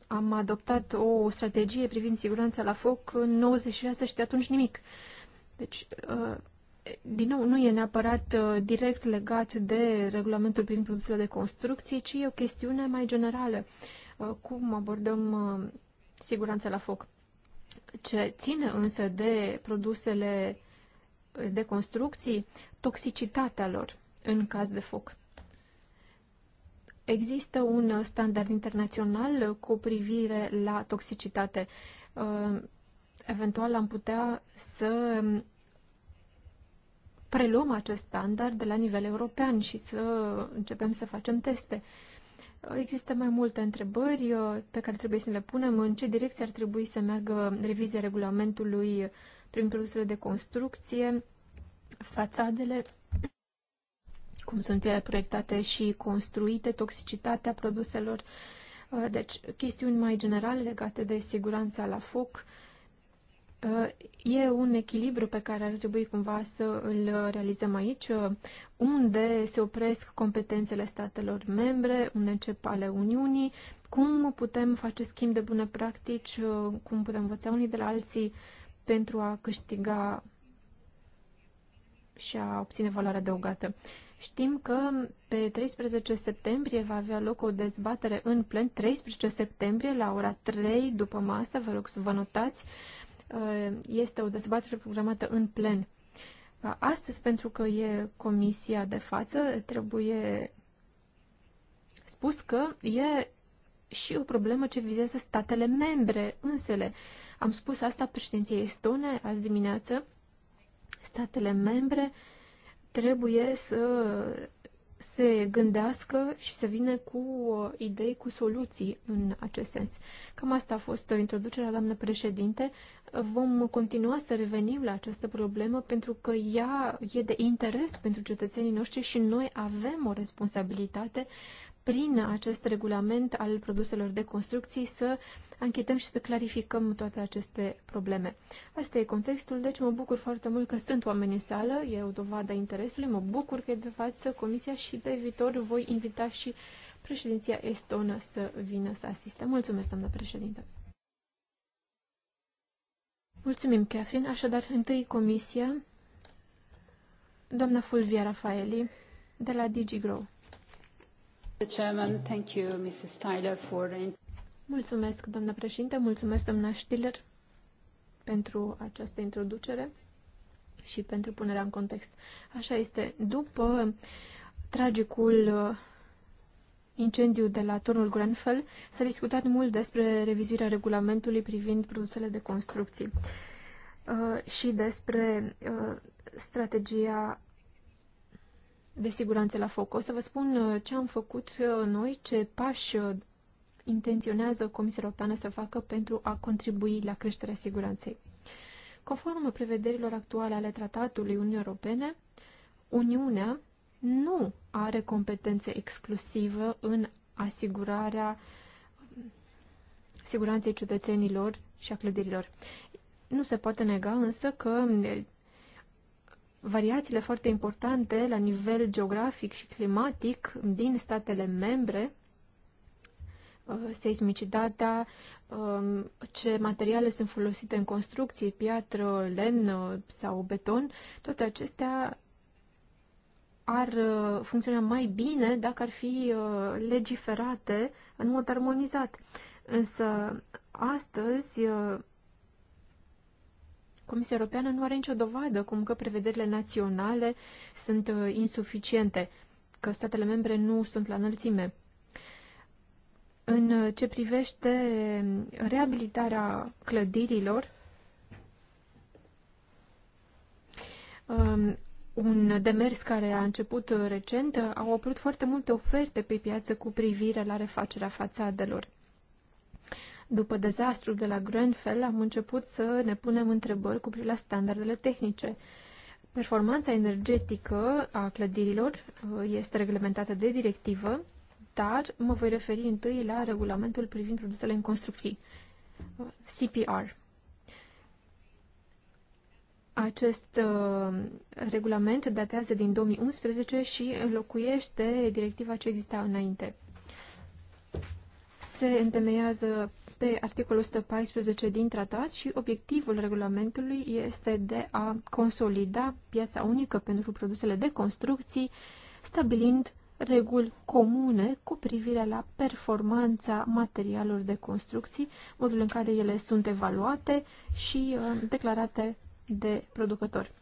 am adoptat o strategie privind siguranța la foc în 96 și de atunci nimic. Deci, uh, din nou, nu e neapărat uh, direct legat de regulamentul prin produsele de construcții, ci e o chestiune mai generală. Cum abordăm siguranța la foc? Ce ține însă de produsele de construcții, toxicitatea lor în caz de foc. Există un standard internațional cu privire la toxicitate. Uh, eventual am putea să preluăm acest standard de la nivel european și să începem să facem teste. Uh, există mai multe întrebări uh, pe care trebuie să le punem. În ce direcție ar trebui să meargă revizia regulamentului prin produsele de construcție, fațadele, cum sunt ele proiectate și construite, toxicitatea produselor, uh, deci chestiuni mai generale legate de siguranța la foc. Uh, e un echilibru pe care ar trebui cumva să îl realizăm aici, uh, unde se opresc competențele statelor membre, unde încep ale Uniunii, cum putem face schimb de bune practici, cum putem învăța unii de la alții pentru a câștiga și a obține valoare adăugată. Știm că pe 13 septembrie va avea loc o dezbatere în plen, 13 septembrie la ora 3 după masă, vă rog să vă notați, uh, este o dezbatere programată în plen. Uh, astăzi, pentru că e comisia de față, trebuie spus că e și o problemă ce vizează statele membre însele. Am spus asta președinției estone azi dimineață. Statele membre uh, trebuie să se gândească și să vină cu uh, idei, cu soluții în acest sens. Cam asta a fost uh, introducerea, doamnă președinte. Vom continua să revenim la această problemă pentru că ea e de interes pentru cetățenii noștri și noi avem o responsabilitate prin acest regulament al produselor de construcții să anchetăm și să clarificăm toate aceste probleme. Asta e contextul, deci mă bucur foarte mult că sunt oameni în sală, e o dovadă a interesului, mă bucur că e de față comisia și pe viitor voi invita și președinția estonă să vină să asiste. Mulțumesc, doamnă președintă! Mulțumim, Catherine. Așadar, întâi comisia, doamna Fulvia Rafaeli, de la DigiGrow. Mulțumesc, doamnă președinte, mulțumesc, doamna Stiller, pentru această introducere și pentru punerea în context. Așa este. După tragicul uh, incendiu de la turnul Grenfell, s-a discutat mult despre revizuirea regulamentului privind produsele de construcții uh, și despre uh, strategia de siguranță la foc. O să vă spun uh, ce am făcut uh, noi, ce pași uh, intenționează Comisia Europeană să facă pentru a contribui la creșterea siguranței. Conform prevederilor actuale ale Tratatului Uniunii Europene, Uniunea nu are competență exclusivă în asigurarea siguranței cetățenilor și a clădirilor. Nu se poate nega însă că variațiile foarte importante la nivel geografic și climatic din statele membre, uh, seismicitatea, um, ce materiale sunt folosite în construcție, piatră, lemn uh, sau beton, toate acestea ar uh, funcționa mai bine dacă ar fi legiferate în mod armonizat. Însă, astăzi, Comisia Europeană nu are nicio dovadă cum că prevederile naționale sunt uh, insuficiente, că statele membre nu sunt la înălțime. În uh, ce privește reabilitarea clădirilor, um, un demers care a început uh, recent, au apărut foarte multe oferte pe piață cu privire la refacerea fațadelor. După dezastrul de la Grenfell, am început să ne punem întrebări cu privire la standardele tehnice. Performanța energetică a clădirilor uh, este reglementată de directivă, dar mă voi referi întâi la regulamentul privind produsele în construcții, uh, CPR. Acest uh, regulament datează din 2011 și înlocuiește directiva ce exista înainte. Se întemeiază pe articolul 114 din tratat și obiectivul regulamentului este de a consolida piața unică pentru produsele de construcții, stabilind reguli comune cu privire la performanța materialelor de construcții, modul în care ele sunt evaluate și uh, declarate de producători.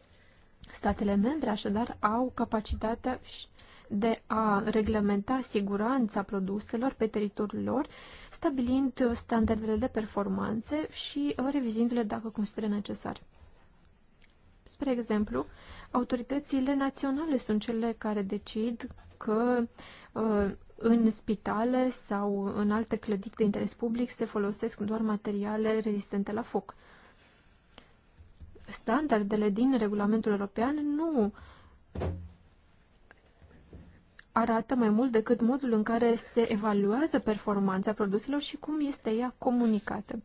Statele membre, așadar, au capacitatea de a reglementa siguranța produselor pe teritoriul lor, stabilind standardele de performanțe și uh, revizindu-le dacă consideră necesar. Spre exemplu, autoritățile naționale sunt cele care decid că uh, în spitale sau în alte clădiri de interes public se folosesc doar materiale rezistente la foc. Standardele din regulamentul european nu arată mai mult decât modul în care se evaluează performanța produselor și cum este ea comunicată.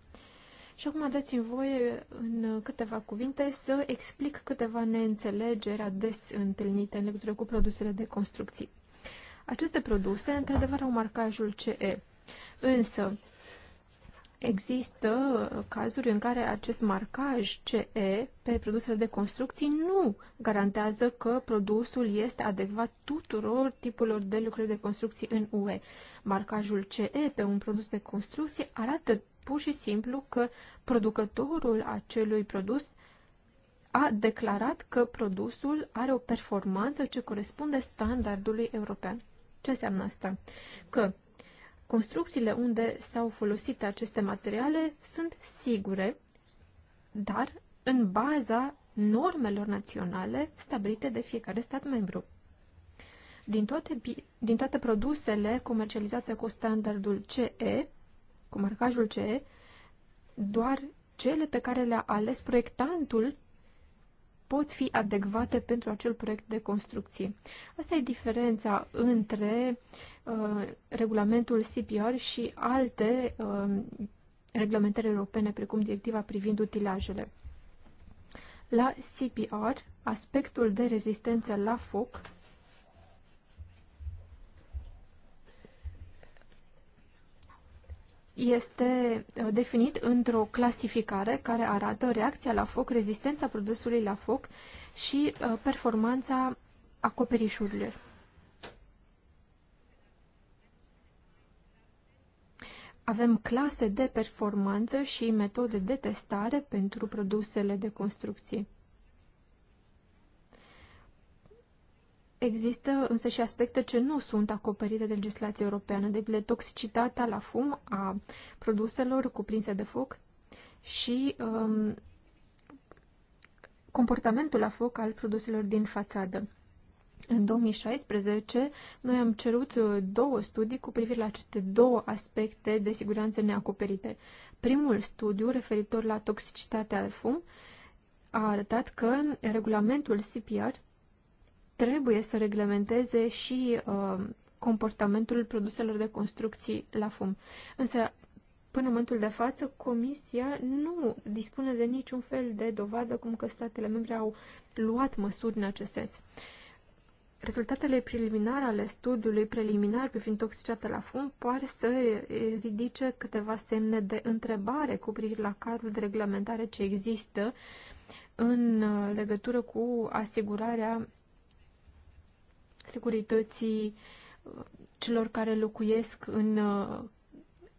Și acum dați-mi voie în câteva cuvinte să explic câteva neînțelegeri ades întâlnite în legătură cu produsele de construcții. Aceste produse, într-adevăr, au marcajul CE, însă Există cazuri în care acest marcaj CE pe produsele de construcții nu garantează că produsul este adecvat tuturor tipurilor de lucruri de construcții în UE. Marcajul CE pe un produs de construcție arată pur și simplu că producătorul acelui produs a declarat că produsul are o performanță ce corespunde standardului european. Ce înseamnă asta? Că construcțiile unde s-au folosit aceste materiale sunt sigure, dar în baza normelor naționale stabilite de fiecare stat membru. Din toate, din toate produsele comercializate cu standardul CE, cu marcajul CE, doar cele pe care le-a ales proiectantul pot fi adecvate pentru acel proiect de construcție. Asta e diferența între uh, regulamentul CPR și alte uh, reglementări europene, precum directiva privind utilajele. La CPR, aspectul de rezistență la foc este uh, definit într-o clasificare care arată reacția la foc, rezistența produsului la foc și uh, performanța acoperișurilor. Avem clase de performanță și metode de testare pentru produsele de construcție. Există însă și aspecte ce nu sunt acoperite de legislația europeană, de exemplu toxicitatea la fum a produselor cuprinse de foc și um, comportamentul la foc al produselor din fațadă. În 2016, noi am cerut uh, două studii cu privire la aceste două aspecte de siguranță neacoperite. Primul studiu, referitor la toxicitatea de fum, a arătat că regulamentul CPR trebuie să reglementeze și uh, comportamentul produselor de construcții la fum. Însă, până în momentul de față, Comisia nu dispune de niciun fel de dovadă cum că statele membre au luat măsuri în acest sens. Rezultatele preliminare ale studiului preliminar privind toxicitatea la fum par să ridice câteva semne de întrebare cu privire la cadrul de reglementare ce există în uh, legătură cu asigurarea securității uh, celor care locuiesc în uh,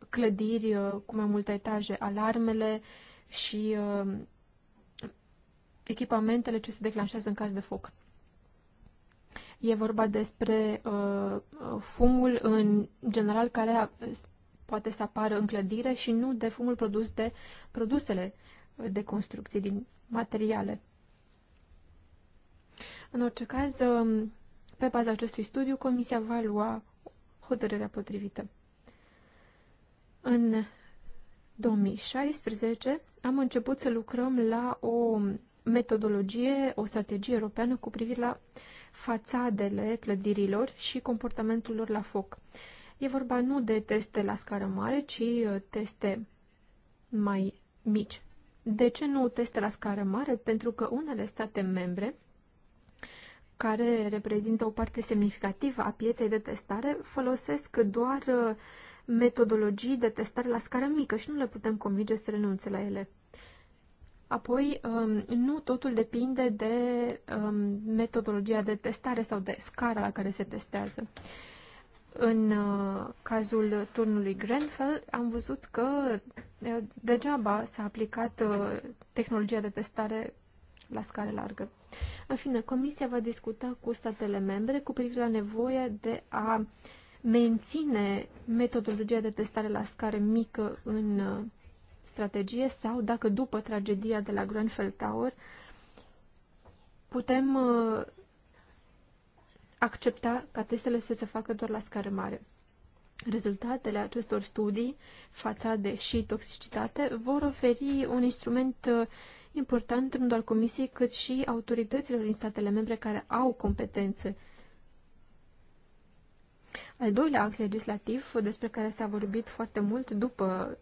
clădiri uh, cu mai multe etaje, alarmele și echipamentele ce se declanșează în caz de foc. E vorba despre uh, fumul în general care a, poate să apară în clădire și nu de fumul produs de produsele de construcții, din materiale. În orice caz, uh, pe baza acestui studiu, Comisia va lua hotărârea potrivită. În 2016 am început să lucrăm la o metodologie, o strategie europeană cu privire la fațadele clădirilor și comportamentul lor la foc. E vorba nu de teste la scară mare, ci uh, teste mai mici. De ce nu teste la scară mare? Pentru că unele state membre care reprezintă o parte semnificativă a pieței de testare, folosesc doar uh, metodologii de testare la scară mică și nu le putem convinge să renunțe la ele. Apoi, um, nu totul depinde de um, metodologia de testare sau de scara la care se testează. În uh, cazul turnului Grenfell am văzut că uh, degeaba s-a aplicat tehnologia de testare la scară largă. În fine, Comisia va discuta cu statele membre cu privire la nevoia de a menține metodologia de testare la scară mică în uh, strategie sau dacă după tragedia de la Grenfell Tower putem uh, accepta ca testele să se facă doar la scară mare. Rezultatele acestor studii față de și toxicitate vor oferi un instrument uh, important nu doar Comisiei, cât și autorităților din statele membre care au competențe. Al doilea act legislativ, despre care s-a vorbit foarte mult după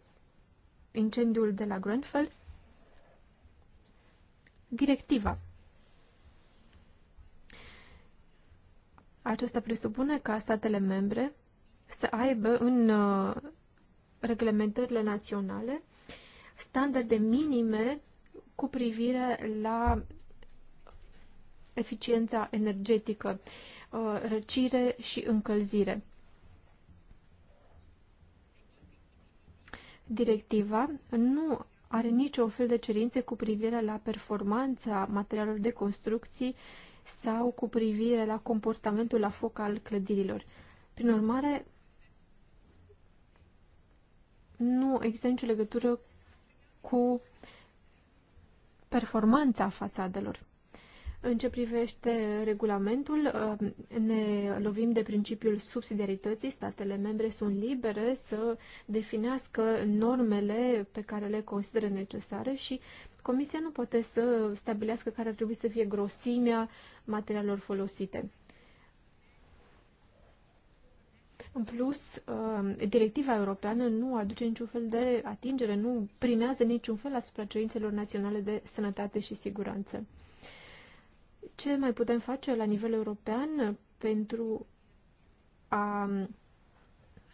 incendiul de la Grenfell, directiva. Acesta presupune ca statele membre să aibă în uh, reglementările naționale standarde minime cu privire la eficiența energetică, uh, răcire și încălzire. Directiva nu are nicio fel de cerințe cu privire la performanța materialelor de construcții sau cu privire la comportamentul la foc al clădirilor. Prin urmare, nu există nicio legătură cu performanța fațadelor. În ce privește regulamentul, ă, ne lovim de principiul subsidiarității. Statele membre sunt libere să definească normele pe care le consideră necesare și Comisia nu poate să stabilească care ar trebui să fie grosimea materialelor folosite. În plus, uh, directiva europeană nu aduce niciun fel de atingere, nu primează niciun fel asupra cerințelor naționale de sănătate și siguranță. Ce mai putem face la nivel european pentru a um,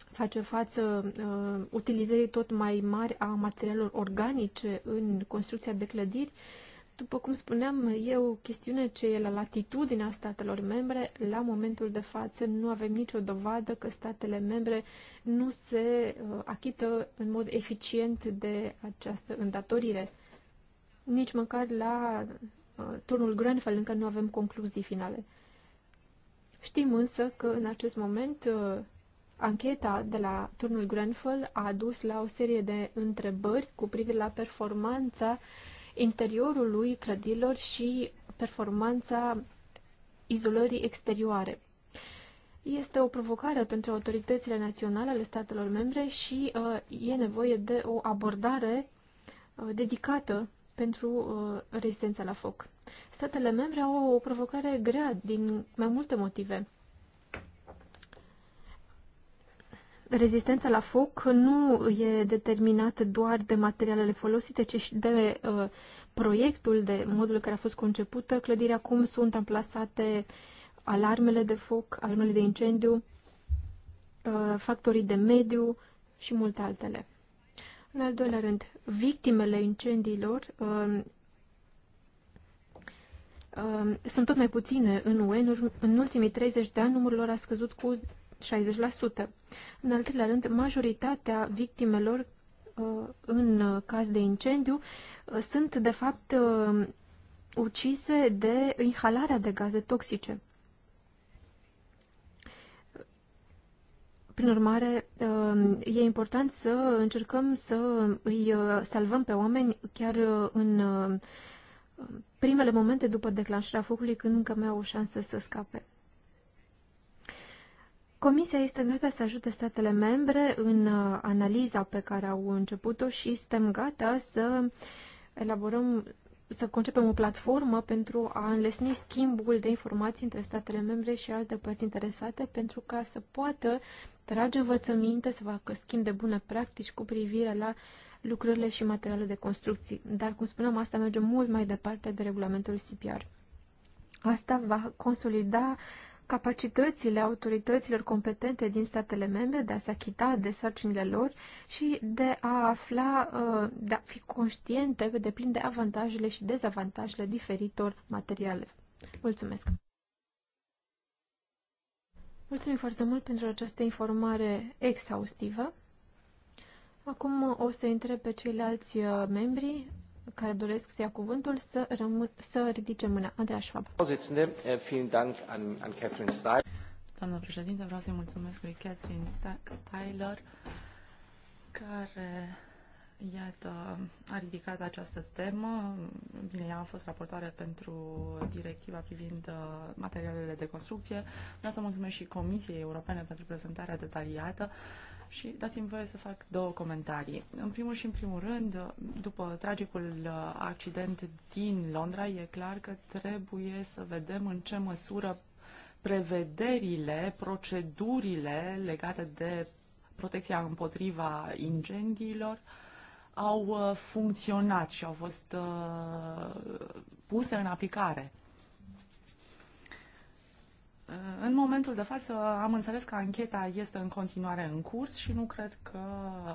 face față uh, utilizării tot mai mari a materialelor organice în construcția de clădiri? Uh, după cum spuneam, e o chestiune ce e la latitudinea statelor membre. La momentul de față nu avem nicio dovadă că statele membre nu se uh, achită în mod eficient de această îndatorire. Nici măcar la uh, turnul Grenfell încă nu avem concluzii finale. Știm însă că în acest moment uh, ancheta de la turnul Grenfell a adus la o serie de întrebări cu privire la performanța uh, Interiorul lui clădirilor și performanța izolării exterioare. Este o provocare pentru autoritățile naționale ale statelor membre și uh, e nevoie de o abordare uh, dedicată pentru uh, rezistența la foc. Statele membre au o provocare grea din mai multe motive. rezistența la foc nu e determinată doar de materialele folosite, ci și de uh, proiectul, de modul în care a fost concepută clădirea, cum sunt amplasate alarmele de foc, alarmele de incendiu, uh, factorii de mediu și multe altele. În al doilea rând, victimele incendiilor uh, sunt tot mai puține în UE. În ultimii 30 de ani, numărul lor a scăzut cu 60%. În al treilea rând, majoritatea victimelor uh, în uh, caz de incendiu uh, sunt, de fapt, ucise de inhalarea de gaze toxice. Prin urmare, e important să încercăm să îi salvăm pe oameni chiar în primele momente după declanșarea focului, când încă mai au o șansă să scape. Comisia este gata să ajute statele membre în uh, analiza pe care au început-o și suntem gata să elaborăm, să concepem o platformă pentru a înlesni schimbul de informații între statele membre și alte părți interesate pentru ca să poată trage învățăminte, să facă schimb de bune practici cu privire la lucrurile și materiale de construcții. Dar, cum spuneam, asta merge mult mai departe de regulamentul CPR. Asta va consolida uh, capacitățile autorităților competente din statele membre de a se achita de sarcinile lor și de a afla, uh, de a fi conștiente pe de deplin de avantajele și dezavantajele diferitor materiale. Mulțumesc! Mulțumim foarte mult pentru această informare exhaustivă. Acum o să întreb pe ceilalți uh, membri care doresc să ia cuvântul să, rămân- să ridice mâna. Andreea Schwab. Eh, Doamnă președinte, vreau să-i mulțumesc lui Catherine Styler, care, iată, a ridicat această temă. Bine, ea a fost raportoare pentru directiva privind uh, materialele de construcție. Vreau să mulțumesc și Comisiei Europene pentru prezentarea detaliată. Uh, și dați-mi voie să fac două comentarii. În primul și în primul rând, după tragicul uh, accident din Londra, e clar că trebuie să vedem în ce măsură prevederile, procedurile legate de protecția împotriva incendiilor au uh, funcționat și au fost uh, puse în aplicare. În momentul de față am înțeles că ancheta este în continuare în curs și nu cred că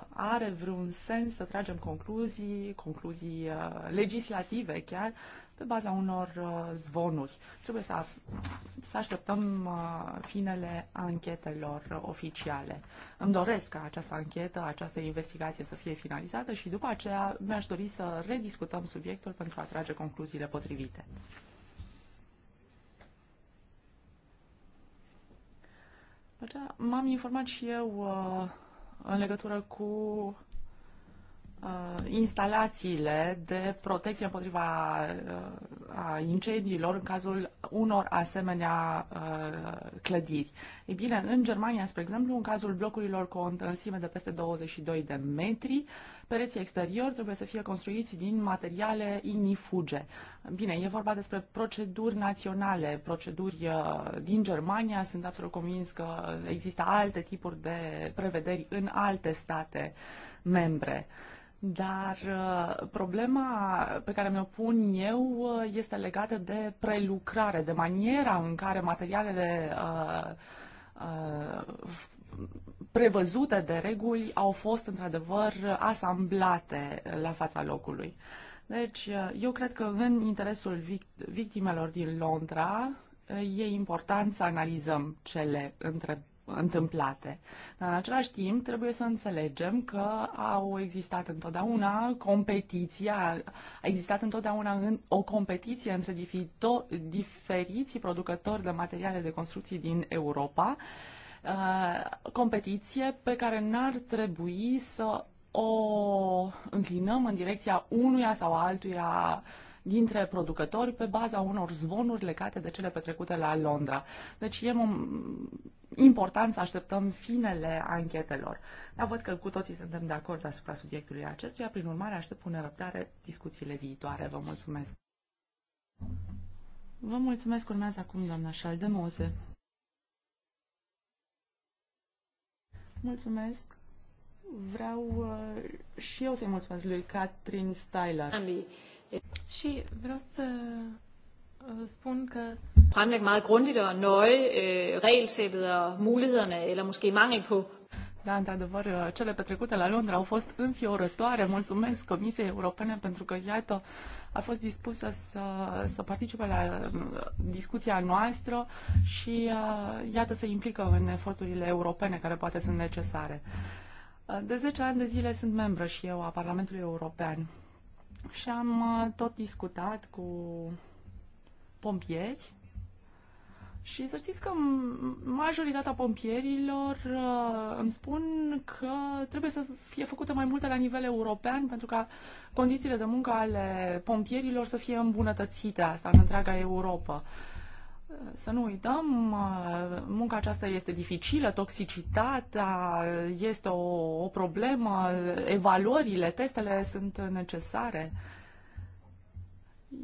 are vreun sens să tragem concluzii, concluzii uh, legislative chiar, pe baza unor uh, zvonuri. Trebuie să, să așteptăm uh, finele anchetelor oficiale. Îmi doresc ca această anchetă, această investigație să fie finalizată și după aceea mi-aș dori să rediscutăm subiectul pentru a trage concluziile potrivite. Deci, da, m-am informat și eu uh, în legătură cu Uh, instalațiile de protecție împotriva uh, a incendiilor în cazul unor asemenea uh, clădiri. Ei bine, în Germania, spre exemplu, în cazul blocurilor cu o înălțime de peste 22 de metri, pereții exteriori trebuie să fie construiți din materiale ignifuge. Bine, e vorba despre proceduri naționale, proceduri din Germania. Sunt absolut convins că există alte tipuri de prevederi în alte state membre. Dar uh, problema pe care mi-o pun eu uh, este legată de prelucrare, de maniera în care materialele uh, uh, prevăzute de reguli au fost într-adevăr asamblate la fața locului. Deci, uh, eu cred că în interesul victimelor din Londra e important să analizăm cele între, întâmplate. Dar în același timp trebuie să înțelegem că au existat întotdeauna competiția, a existat întotdeauna în, o competiție între difito, diferiții producători de materiale de construcții din Europa, uh, competiție pe care n-ar trebui să o înclinăm în direcția unuia sau altuia uh, dintre producători pe baza unor zvonuri legate de cele petrecute la Londra. Deci e important să așteptăm finele anchetelor. Dar văd că cu toții suntem de acord asupra subiectului acestuia, prin urmare aștept cu nerăbdare discuțiile viitoare. Vă mulțumesc! Vă mulțumesc, urmează acum doamna Șaldemoze. Mulțumesc. Vreau uh, și eu să-i mulțumesc lui Catherine Styler. Ambii și vreau să uh, spun că fremlægge meget grundigt og nøje øh, regelsættet og mulighederne, eller måske mangel på. Da, într-adevăr, uh, cele petrecute la Londra au fost înfiorătoare. Mulțumesc Comisiei Europene pentru că, iată, a fost dispusă să, să participe la uh, discuția noastră și, iată, se implică în eforturile europene care poate sunt necesare. De 10 ani de zile sunt membră și eu a Parlamentului European și am uh, tot discutat cu pompieri și să știți că majoritatea pompierilor uh, îmi spun că trebuie să fie făcută mai multe la nivel european pentru ca condițiile de muncă ale pompierilor să fie îmbunătățite asta în întreaga Europa. Uh, să nu uităm, uh, munca aceasta este dificilă, toxicitatea este o, o problemă, evaluările, testele sunt necesare.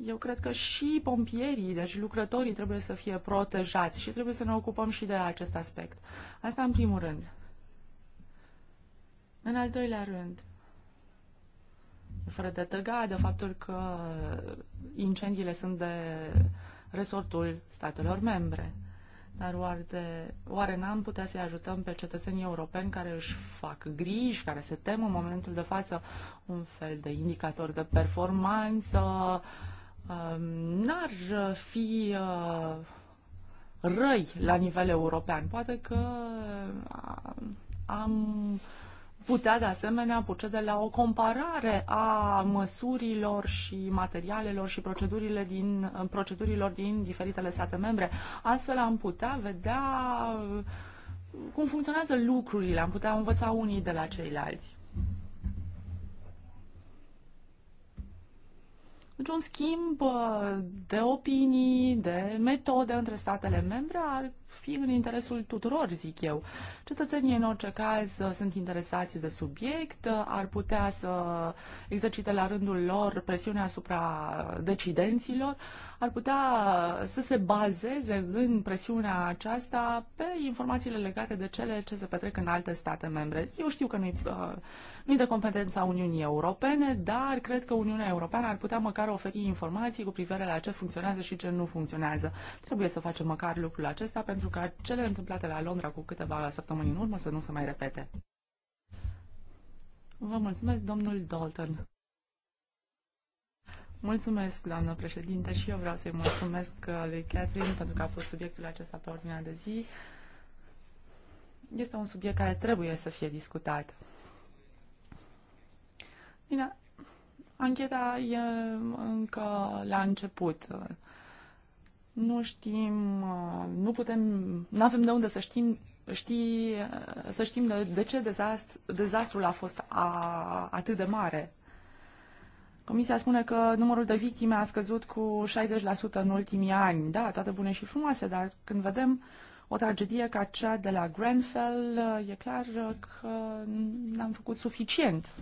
Eu cred că și pompierii, deci lucrătorii trebuie să fie protejați și trebuie să ne ocupăm și de acest aspect. Asta în primul rând. În al doilea rând, fără de tăga de faptul că incendiile sunt de resortul statelor membre. Dar oare, de, oare n-am putea să-i ajutăm pe cetățenii europeni care își fac griji, care se tem în momentul de față un fel de indicator de performanță? Um, n-ar fi uh, răi la nivel european. Poate că uh, am putea de asemenea procede la o comparare a măsurilor și materialelor și procedurile din, procedurilor din diferitele state membre. Astfel am putea vedea uh, cum funcționează lucrurile, am putea învăța unii de la ceilalți. Deci un schimb uh, de opinii, de metode între statele membre ar fi în interesul tuturor, zic eu. Cetățenii, în orice caz, sunt interesați de subiect, ar putea să exercite la rândul lor presiunea asupra decidenților, ar putea să se bazeze în presiunea aceasta pe informațiile legate de cele ce se petrec în alte state membre. Eu știu că nu-i, uh, nu-i de competența Uniunii Europene, dar cred că Uniunea Europeană ar putea măcar oferi informații cu privire la ce funcționează și ce nu funcționează. Trebuie să facem măcar lucrul acesta pentru pentru ca cele întâmplate la Londra cu câteva săptămâni în urmă să nu se mai repete. Vă mulțumesc, domnul Dalton. Mulțumesc, doamnă președinte, și eu vreau să-i mulțumesc uh, lui Catherine pentru că a pus subiectul acesta pe ordinea de zi. Este un subiect care trebuie să fie discutat. Bine, ancheta e încă la început nu știm, nu putem, nu avem de unde să știm, ști, să știm de, de ce dezast, dezastrul a fost a, atât de mare. Comisia spune că numărul de victime a scăzut cu 60% în ultimii ani. Da, toate bune și frumoase, dar când vedem o tragedie ca cea de la Grenfell, e clar că n-am făcut suficient.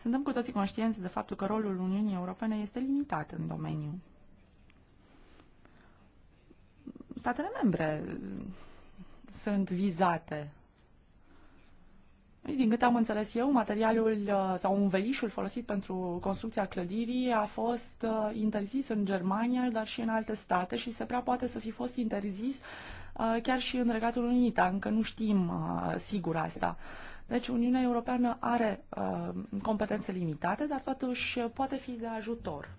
Suntem cu toții conștienți de faptul că rolul Uniunii Europene este limitat în domeniu statele membre sunt vizate. Din câte am înțeles eu, materialul uh, sau învelișul folosit pentru construcția clădirii a fost uh, interzis în Germania, dar și în alte state și se prea poate să fi fost interzis uh, chiar și în Regatul Unit. Încă nu știm sigur asta. Deci Uniunea Europeană are competențe limitate, dar totuși poate fi de ajutor.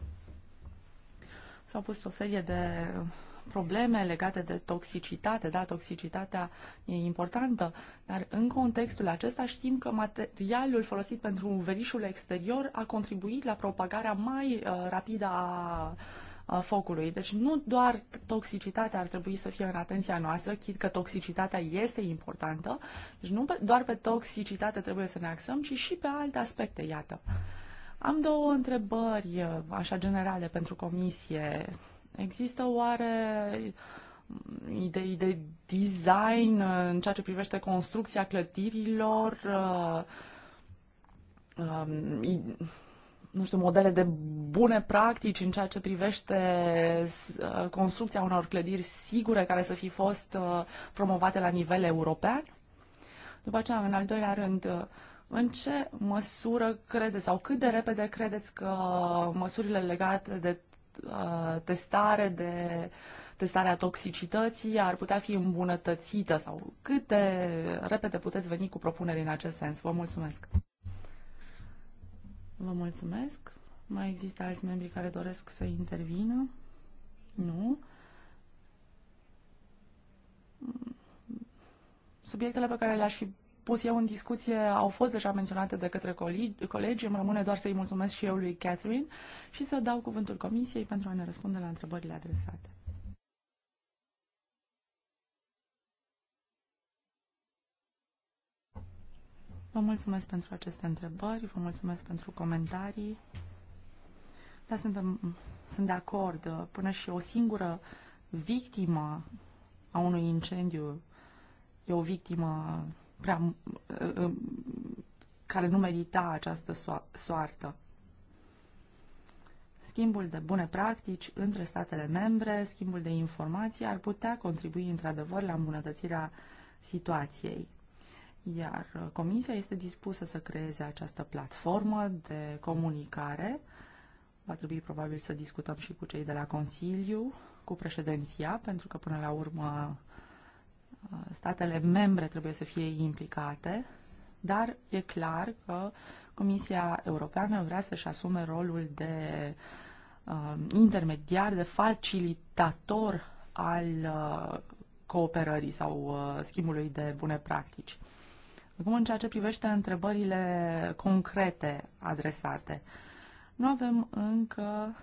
S-au pus o serie de probleme legate de toxicitate, da, toxicitatea e importantă, dar în contextul acesta știm că materialul folosit pentru verișul exterior a contribuit la propagarea mai uh, rapidă a focului. Deci nu doar toxicitatea ar trebui să fie în atenția noastră, chit că toxicitatea este importantă, deci nu pe, doar pe toxicitate trebuie să ne axăm, ci și pe alte aspecte, iată. Am două întrebări, uh, așa generale, pentru comisie. Există oare idei de design în ceea ce privește construcția clădirilor, uh, um, nu știu, modele de bune practici în ceea ce privește uh, construcția unor clădiri sigure care să fi fost uh, promovate la nivel european? După aceea, în al doilea rând, în ce măsură credeți sau cât de repede credeți că măsurile legate de Uh, testare de testarea toxicității ar putea fi îmbunătățită sau cât de repede puteți veni cu propuneri în acest sens. Vă mulțumesc! Vă mulțumesc! Mai există alți membri care doresc să intervină? Nu? Subiectele pe care le-aș fi pus eu în discuție au fost deja menționate de către colegi, colegi. Îmi rămâne doar să-i mulțumesc și eu lui Catherine și să dau cuvântul Comisiei pentru a ne răspunde la întrebările adresate. Vă mulțumesc pentru aceste întrebări, vă mulțumesc pentru comentarii. Da, sunt, sunt de acord. Până și o singură victimă a unui incendiu e o victimă prea, uh, uh, care nu merita această soartă. Schimbul de bune practici între statele membre, schimbul de informații ar putea contribui într-adevăr la îmbunătățirea situației. Iar uh, Comisia este dispusă să creeze această platformă de comunicare. Va trebui probabil să discutăm și cu cei de la Consiliu, cu președinția, pentru că până la urmă uh, statele membre trebuie să fie implicate, dar e clar că Comisia Europeană vrea să-și asume rolul de uh, intermediar, de facilitator al uh, cooperării sau uh, schimbului de bune practici. Acum, în ceea ce privește întrebările concrete adresate, nu avem încă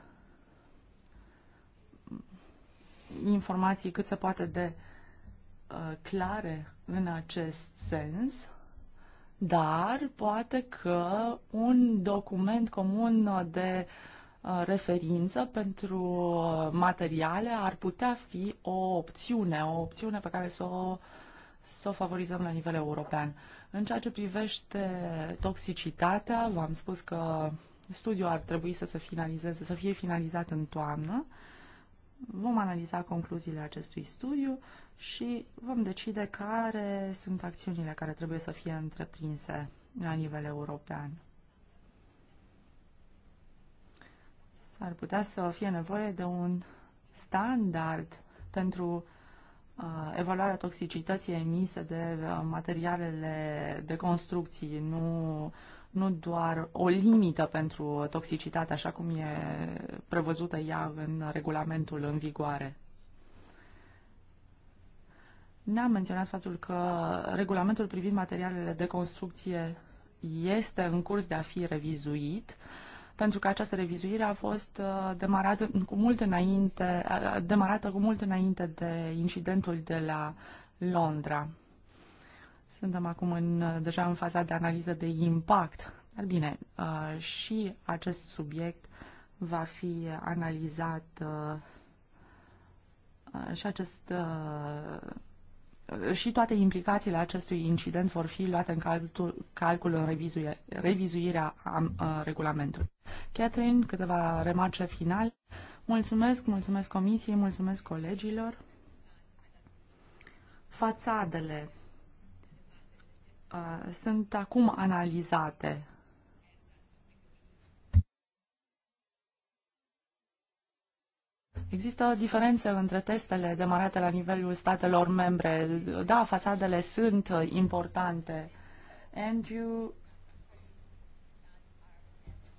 informații cât se poate de uh, Uh, clare în acest sens, dar poate că un document comun de uh, referință pentru uh, materiale ar putea fi o opțiune, o opțiune pe care să o, să o favorizăm la nivel european. În ceea ce privește toxicitatea, v-am spus că studiul ar trebui să se finalizeze, să fie finalizat în toamnă. Uh, vom analiza concluziile acestui studiu și vom decide care sunt acțiunile care trebuie să fie întreprinse la nivel european. S-ar putea să fie nevoie de un standard pentru uh, evaluarea toxicității emise de uh, materialele de construcții, nu nu doar o limită pentru toxicitate, așa cum e prevăzută ea în regulamentul în vigoare. Ne-am menționat faptul că regulamentul privind materialele de construcție este în curs de a fi revizuit, pentru că această revizuire a fost uh, demarată cu mult înainte, demarată cu mult înainte de incidentul de la Londra. Suntem acum în, deja în faza de analiză de impact. Dar bine, uh, și acest subiect va fi analizat uh, uh, și acest și toate implicațiile acestui incident vor fi luate în calcul, calcul în revizuie, revizuirea am, uh, regulamentului. Catherine, câteva remarce final. Mulțumesc, mulțumesc comisiei, mulțumesc colegilor. Fațadele Uh, sunt acum analizate. Există diferențe între testele demarate la nivelul statelor membre. Da, fațadele sunt importante. Andrew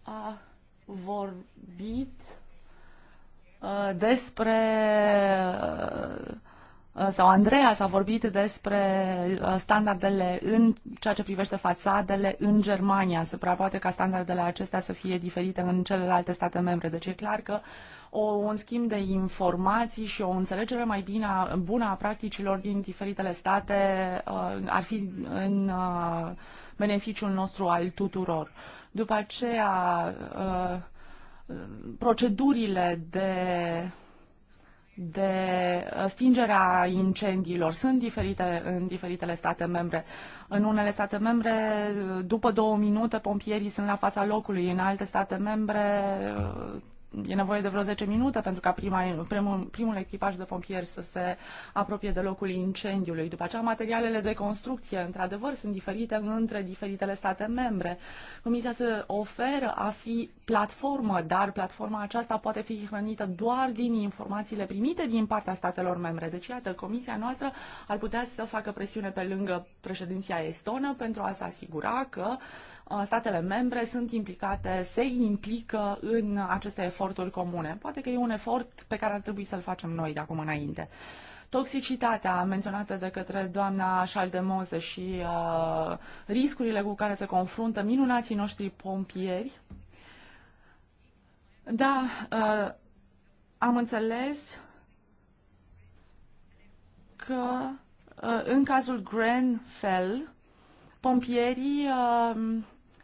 a vorbit uh, despre uh, Uh, sau Andreea s-a vorbit despre uh, standardele în ceea ce privește fațadele în Germania. Se prea poate ca standardele acestea să fie diferite în celelalte state membre. Deci e clar că o, un schimb de informații și o înțelegere mai bine, bună a practicilor din diferitele state uh, ar fi în beneficiul nostru al tuturor. După aceea, procedurile de de uh, stingerea incendiilor sunt diferite în diferitele state membre. În unele state membre, uh, după două minute, pompierii sunt la fața locului. În alte state membre, uh, e nevoie de vreo 10 minute pentru ca prima, primul, primul echipaj de pompieri să se apropie de locul incendiului. După aceea, materialele de construcție, într-adevăr, sunt diferite între diferitele state membre. Comisia se oferă a fi platformă, dar platforma aceasta poate fi hrănită doar din informațiile primite din partea statelor membre. Deci, iată, Comisia noastră ar putea să facă presiune pe lângă președinția estonă pentru a se asigura că uh, Uh, statele membre sunt implicate, se implică în aceste eforturi comune. Poate că e un efort pe care ar trebui să-l facem noi de acum înainte. Toxicitatea menționată de către doamna Schaldemose și uh, riscurile cu care se confruntă minunații noștri pompieri. Da, uh, am înțeles că uh, în cazul Grenfell, pompierii uh,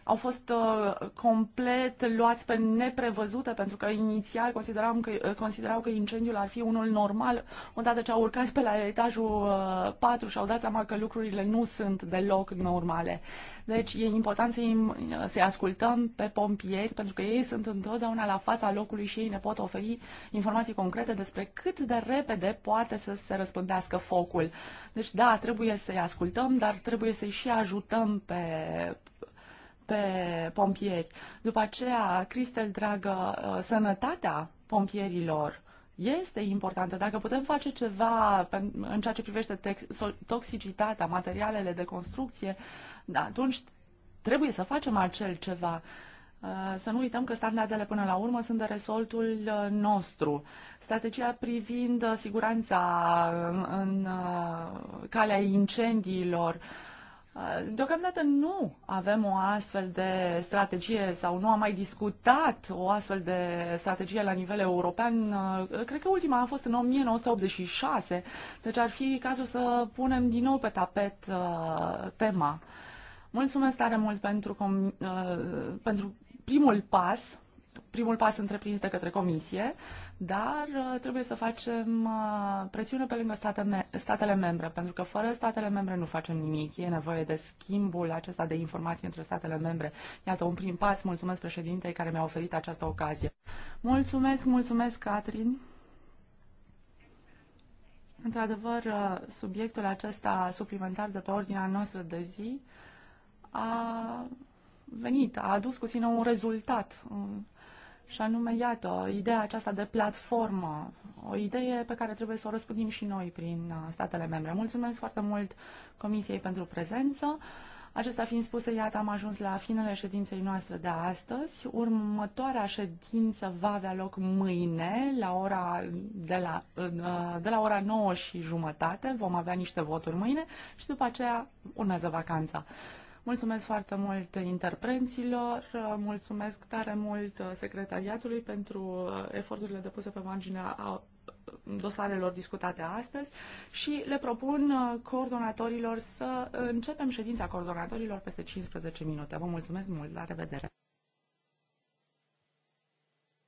au fost uh, complet luați pe neprevăzute, pentru că inițial consideram că, uh, considerau că incendiul ar fi unul normal. Odată ce au urcat pe la etajul 4 uh, și au dat seama că lucrurile nu sunt deloc normale. Deci e important să-i, să ascultăm pe pompieri, pentru că ei sunt întotdeauna la fața locului și ei ne pot oferi informații concrete despre cât de repede poate să se răspândească focul. Deci da, trebuie să-i ascultăm, dar trebuie să-i și ajutăm pe pe pompieri. După aceea, Cristel, dragă, uh, sănătatea pompierilor este importantă. Dacă putem face ceva în ceea ce privește toxicitatea, materialele de construcție, atunci trebuie să facem acel ceva. Uh, să nu uităm că standardele până la urmă sunt de resoltul uh, nostru. Strategia privind siguranța în calea incendiilor, Deocamdată nu avem o astfel de strategie sau nu am mai discutat o astfel de strategie la nivel european. Uh, cred că ultima a fost în 1986, deci ar fi cazul să punem din nou pe tapet uh, tema. Mulțumesc tare mult pentru, uh, pentru primul pas primul pas întreprins de către Comisie, dar uh, trebuie să facem uh, presiune pe lângă state me- statele membre, pentru că fără statele membre nu facem nimic. E nevoie de schimbul acesta de informații între statele membre. Iată, un prim pas. Mulțumesc președintei care mi-a oferit această ocazie. Mulțumesc, mulțumesc, Catrin. Într-adevăr, uh, subiectul acesta suplimentar de pe ordinea noastră de zi a venit, a adus cu sine un rezultat. Și anume, iată, ideea aceasta de platformă, o idee pe care trebuie să o răspândim și noi prin uh, statele membre. Mulțumesc foarte mult Comisiei pentru prezență. Acesta fiind spuse, iată, am ajuns la finele ședinței noastre de astăzi. Următoarea ședință va avea loc mâine, la ora, de, la, uh, de la ora 9 și jumătate. Vom avea niște voturi mâine și după aceea urmează vacanța. Mulțumesc foarte mult interprenților, mulțumesc tare mult secretariatului pentru eforturile depuse pe marginea dosarelor discutate astăzi și le propun coordonatorilor să începem ședința coordonatorilor peste 15 minute. Vă mulțumesc mult, la revedere!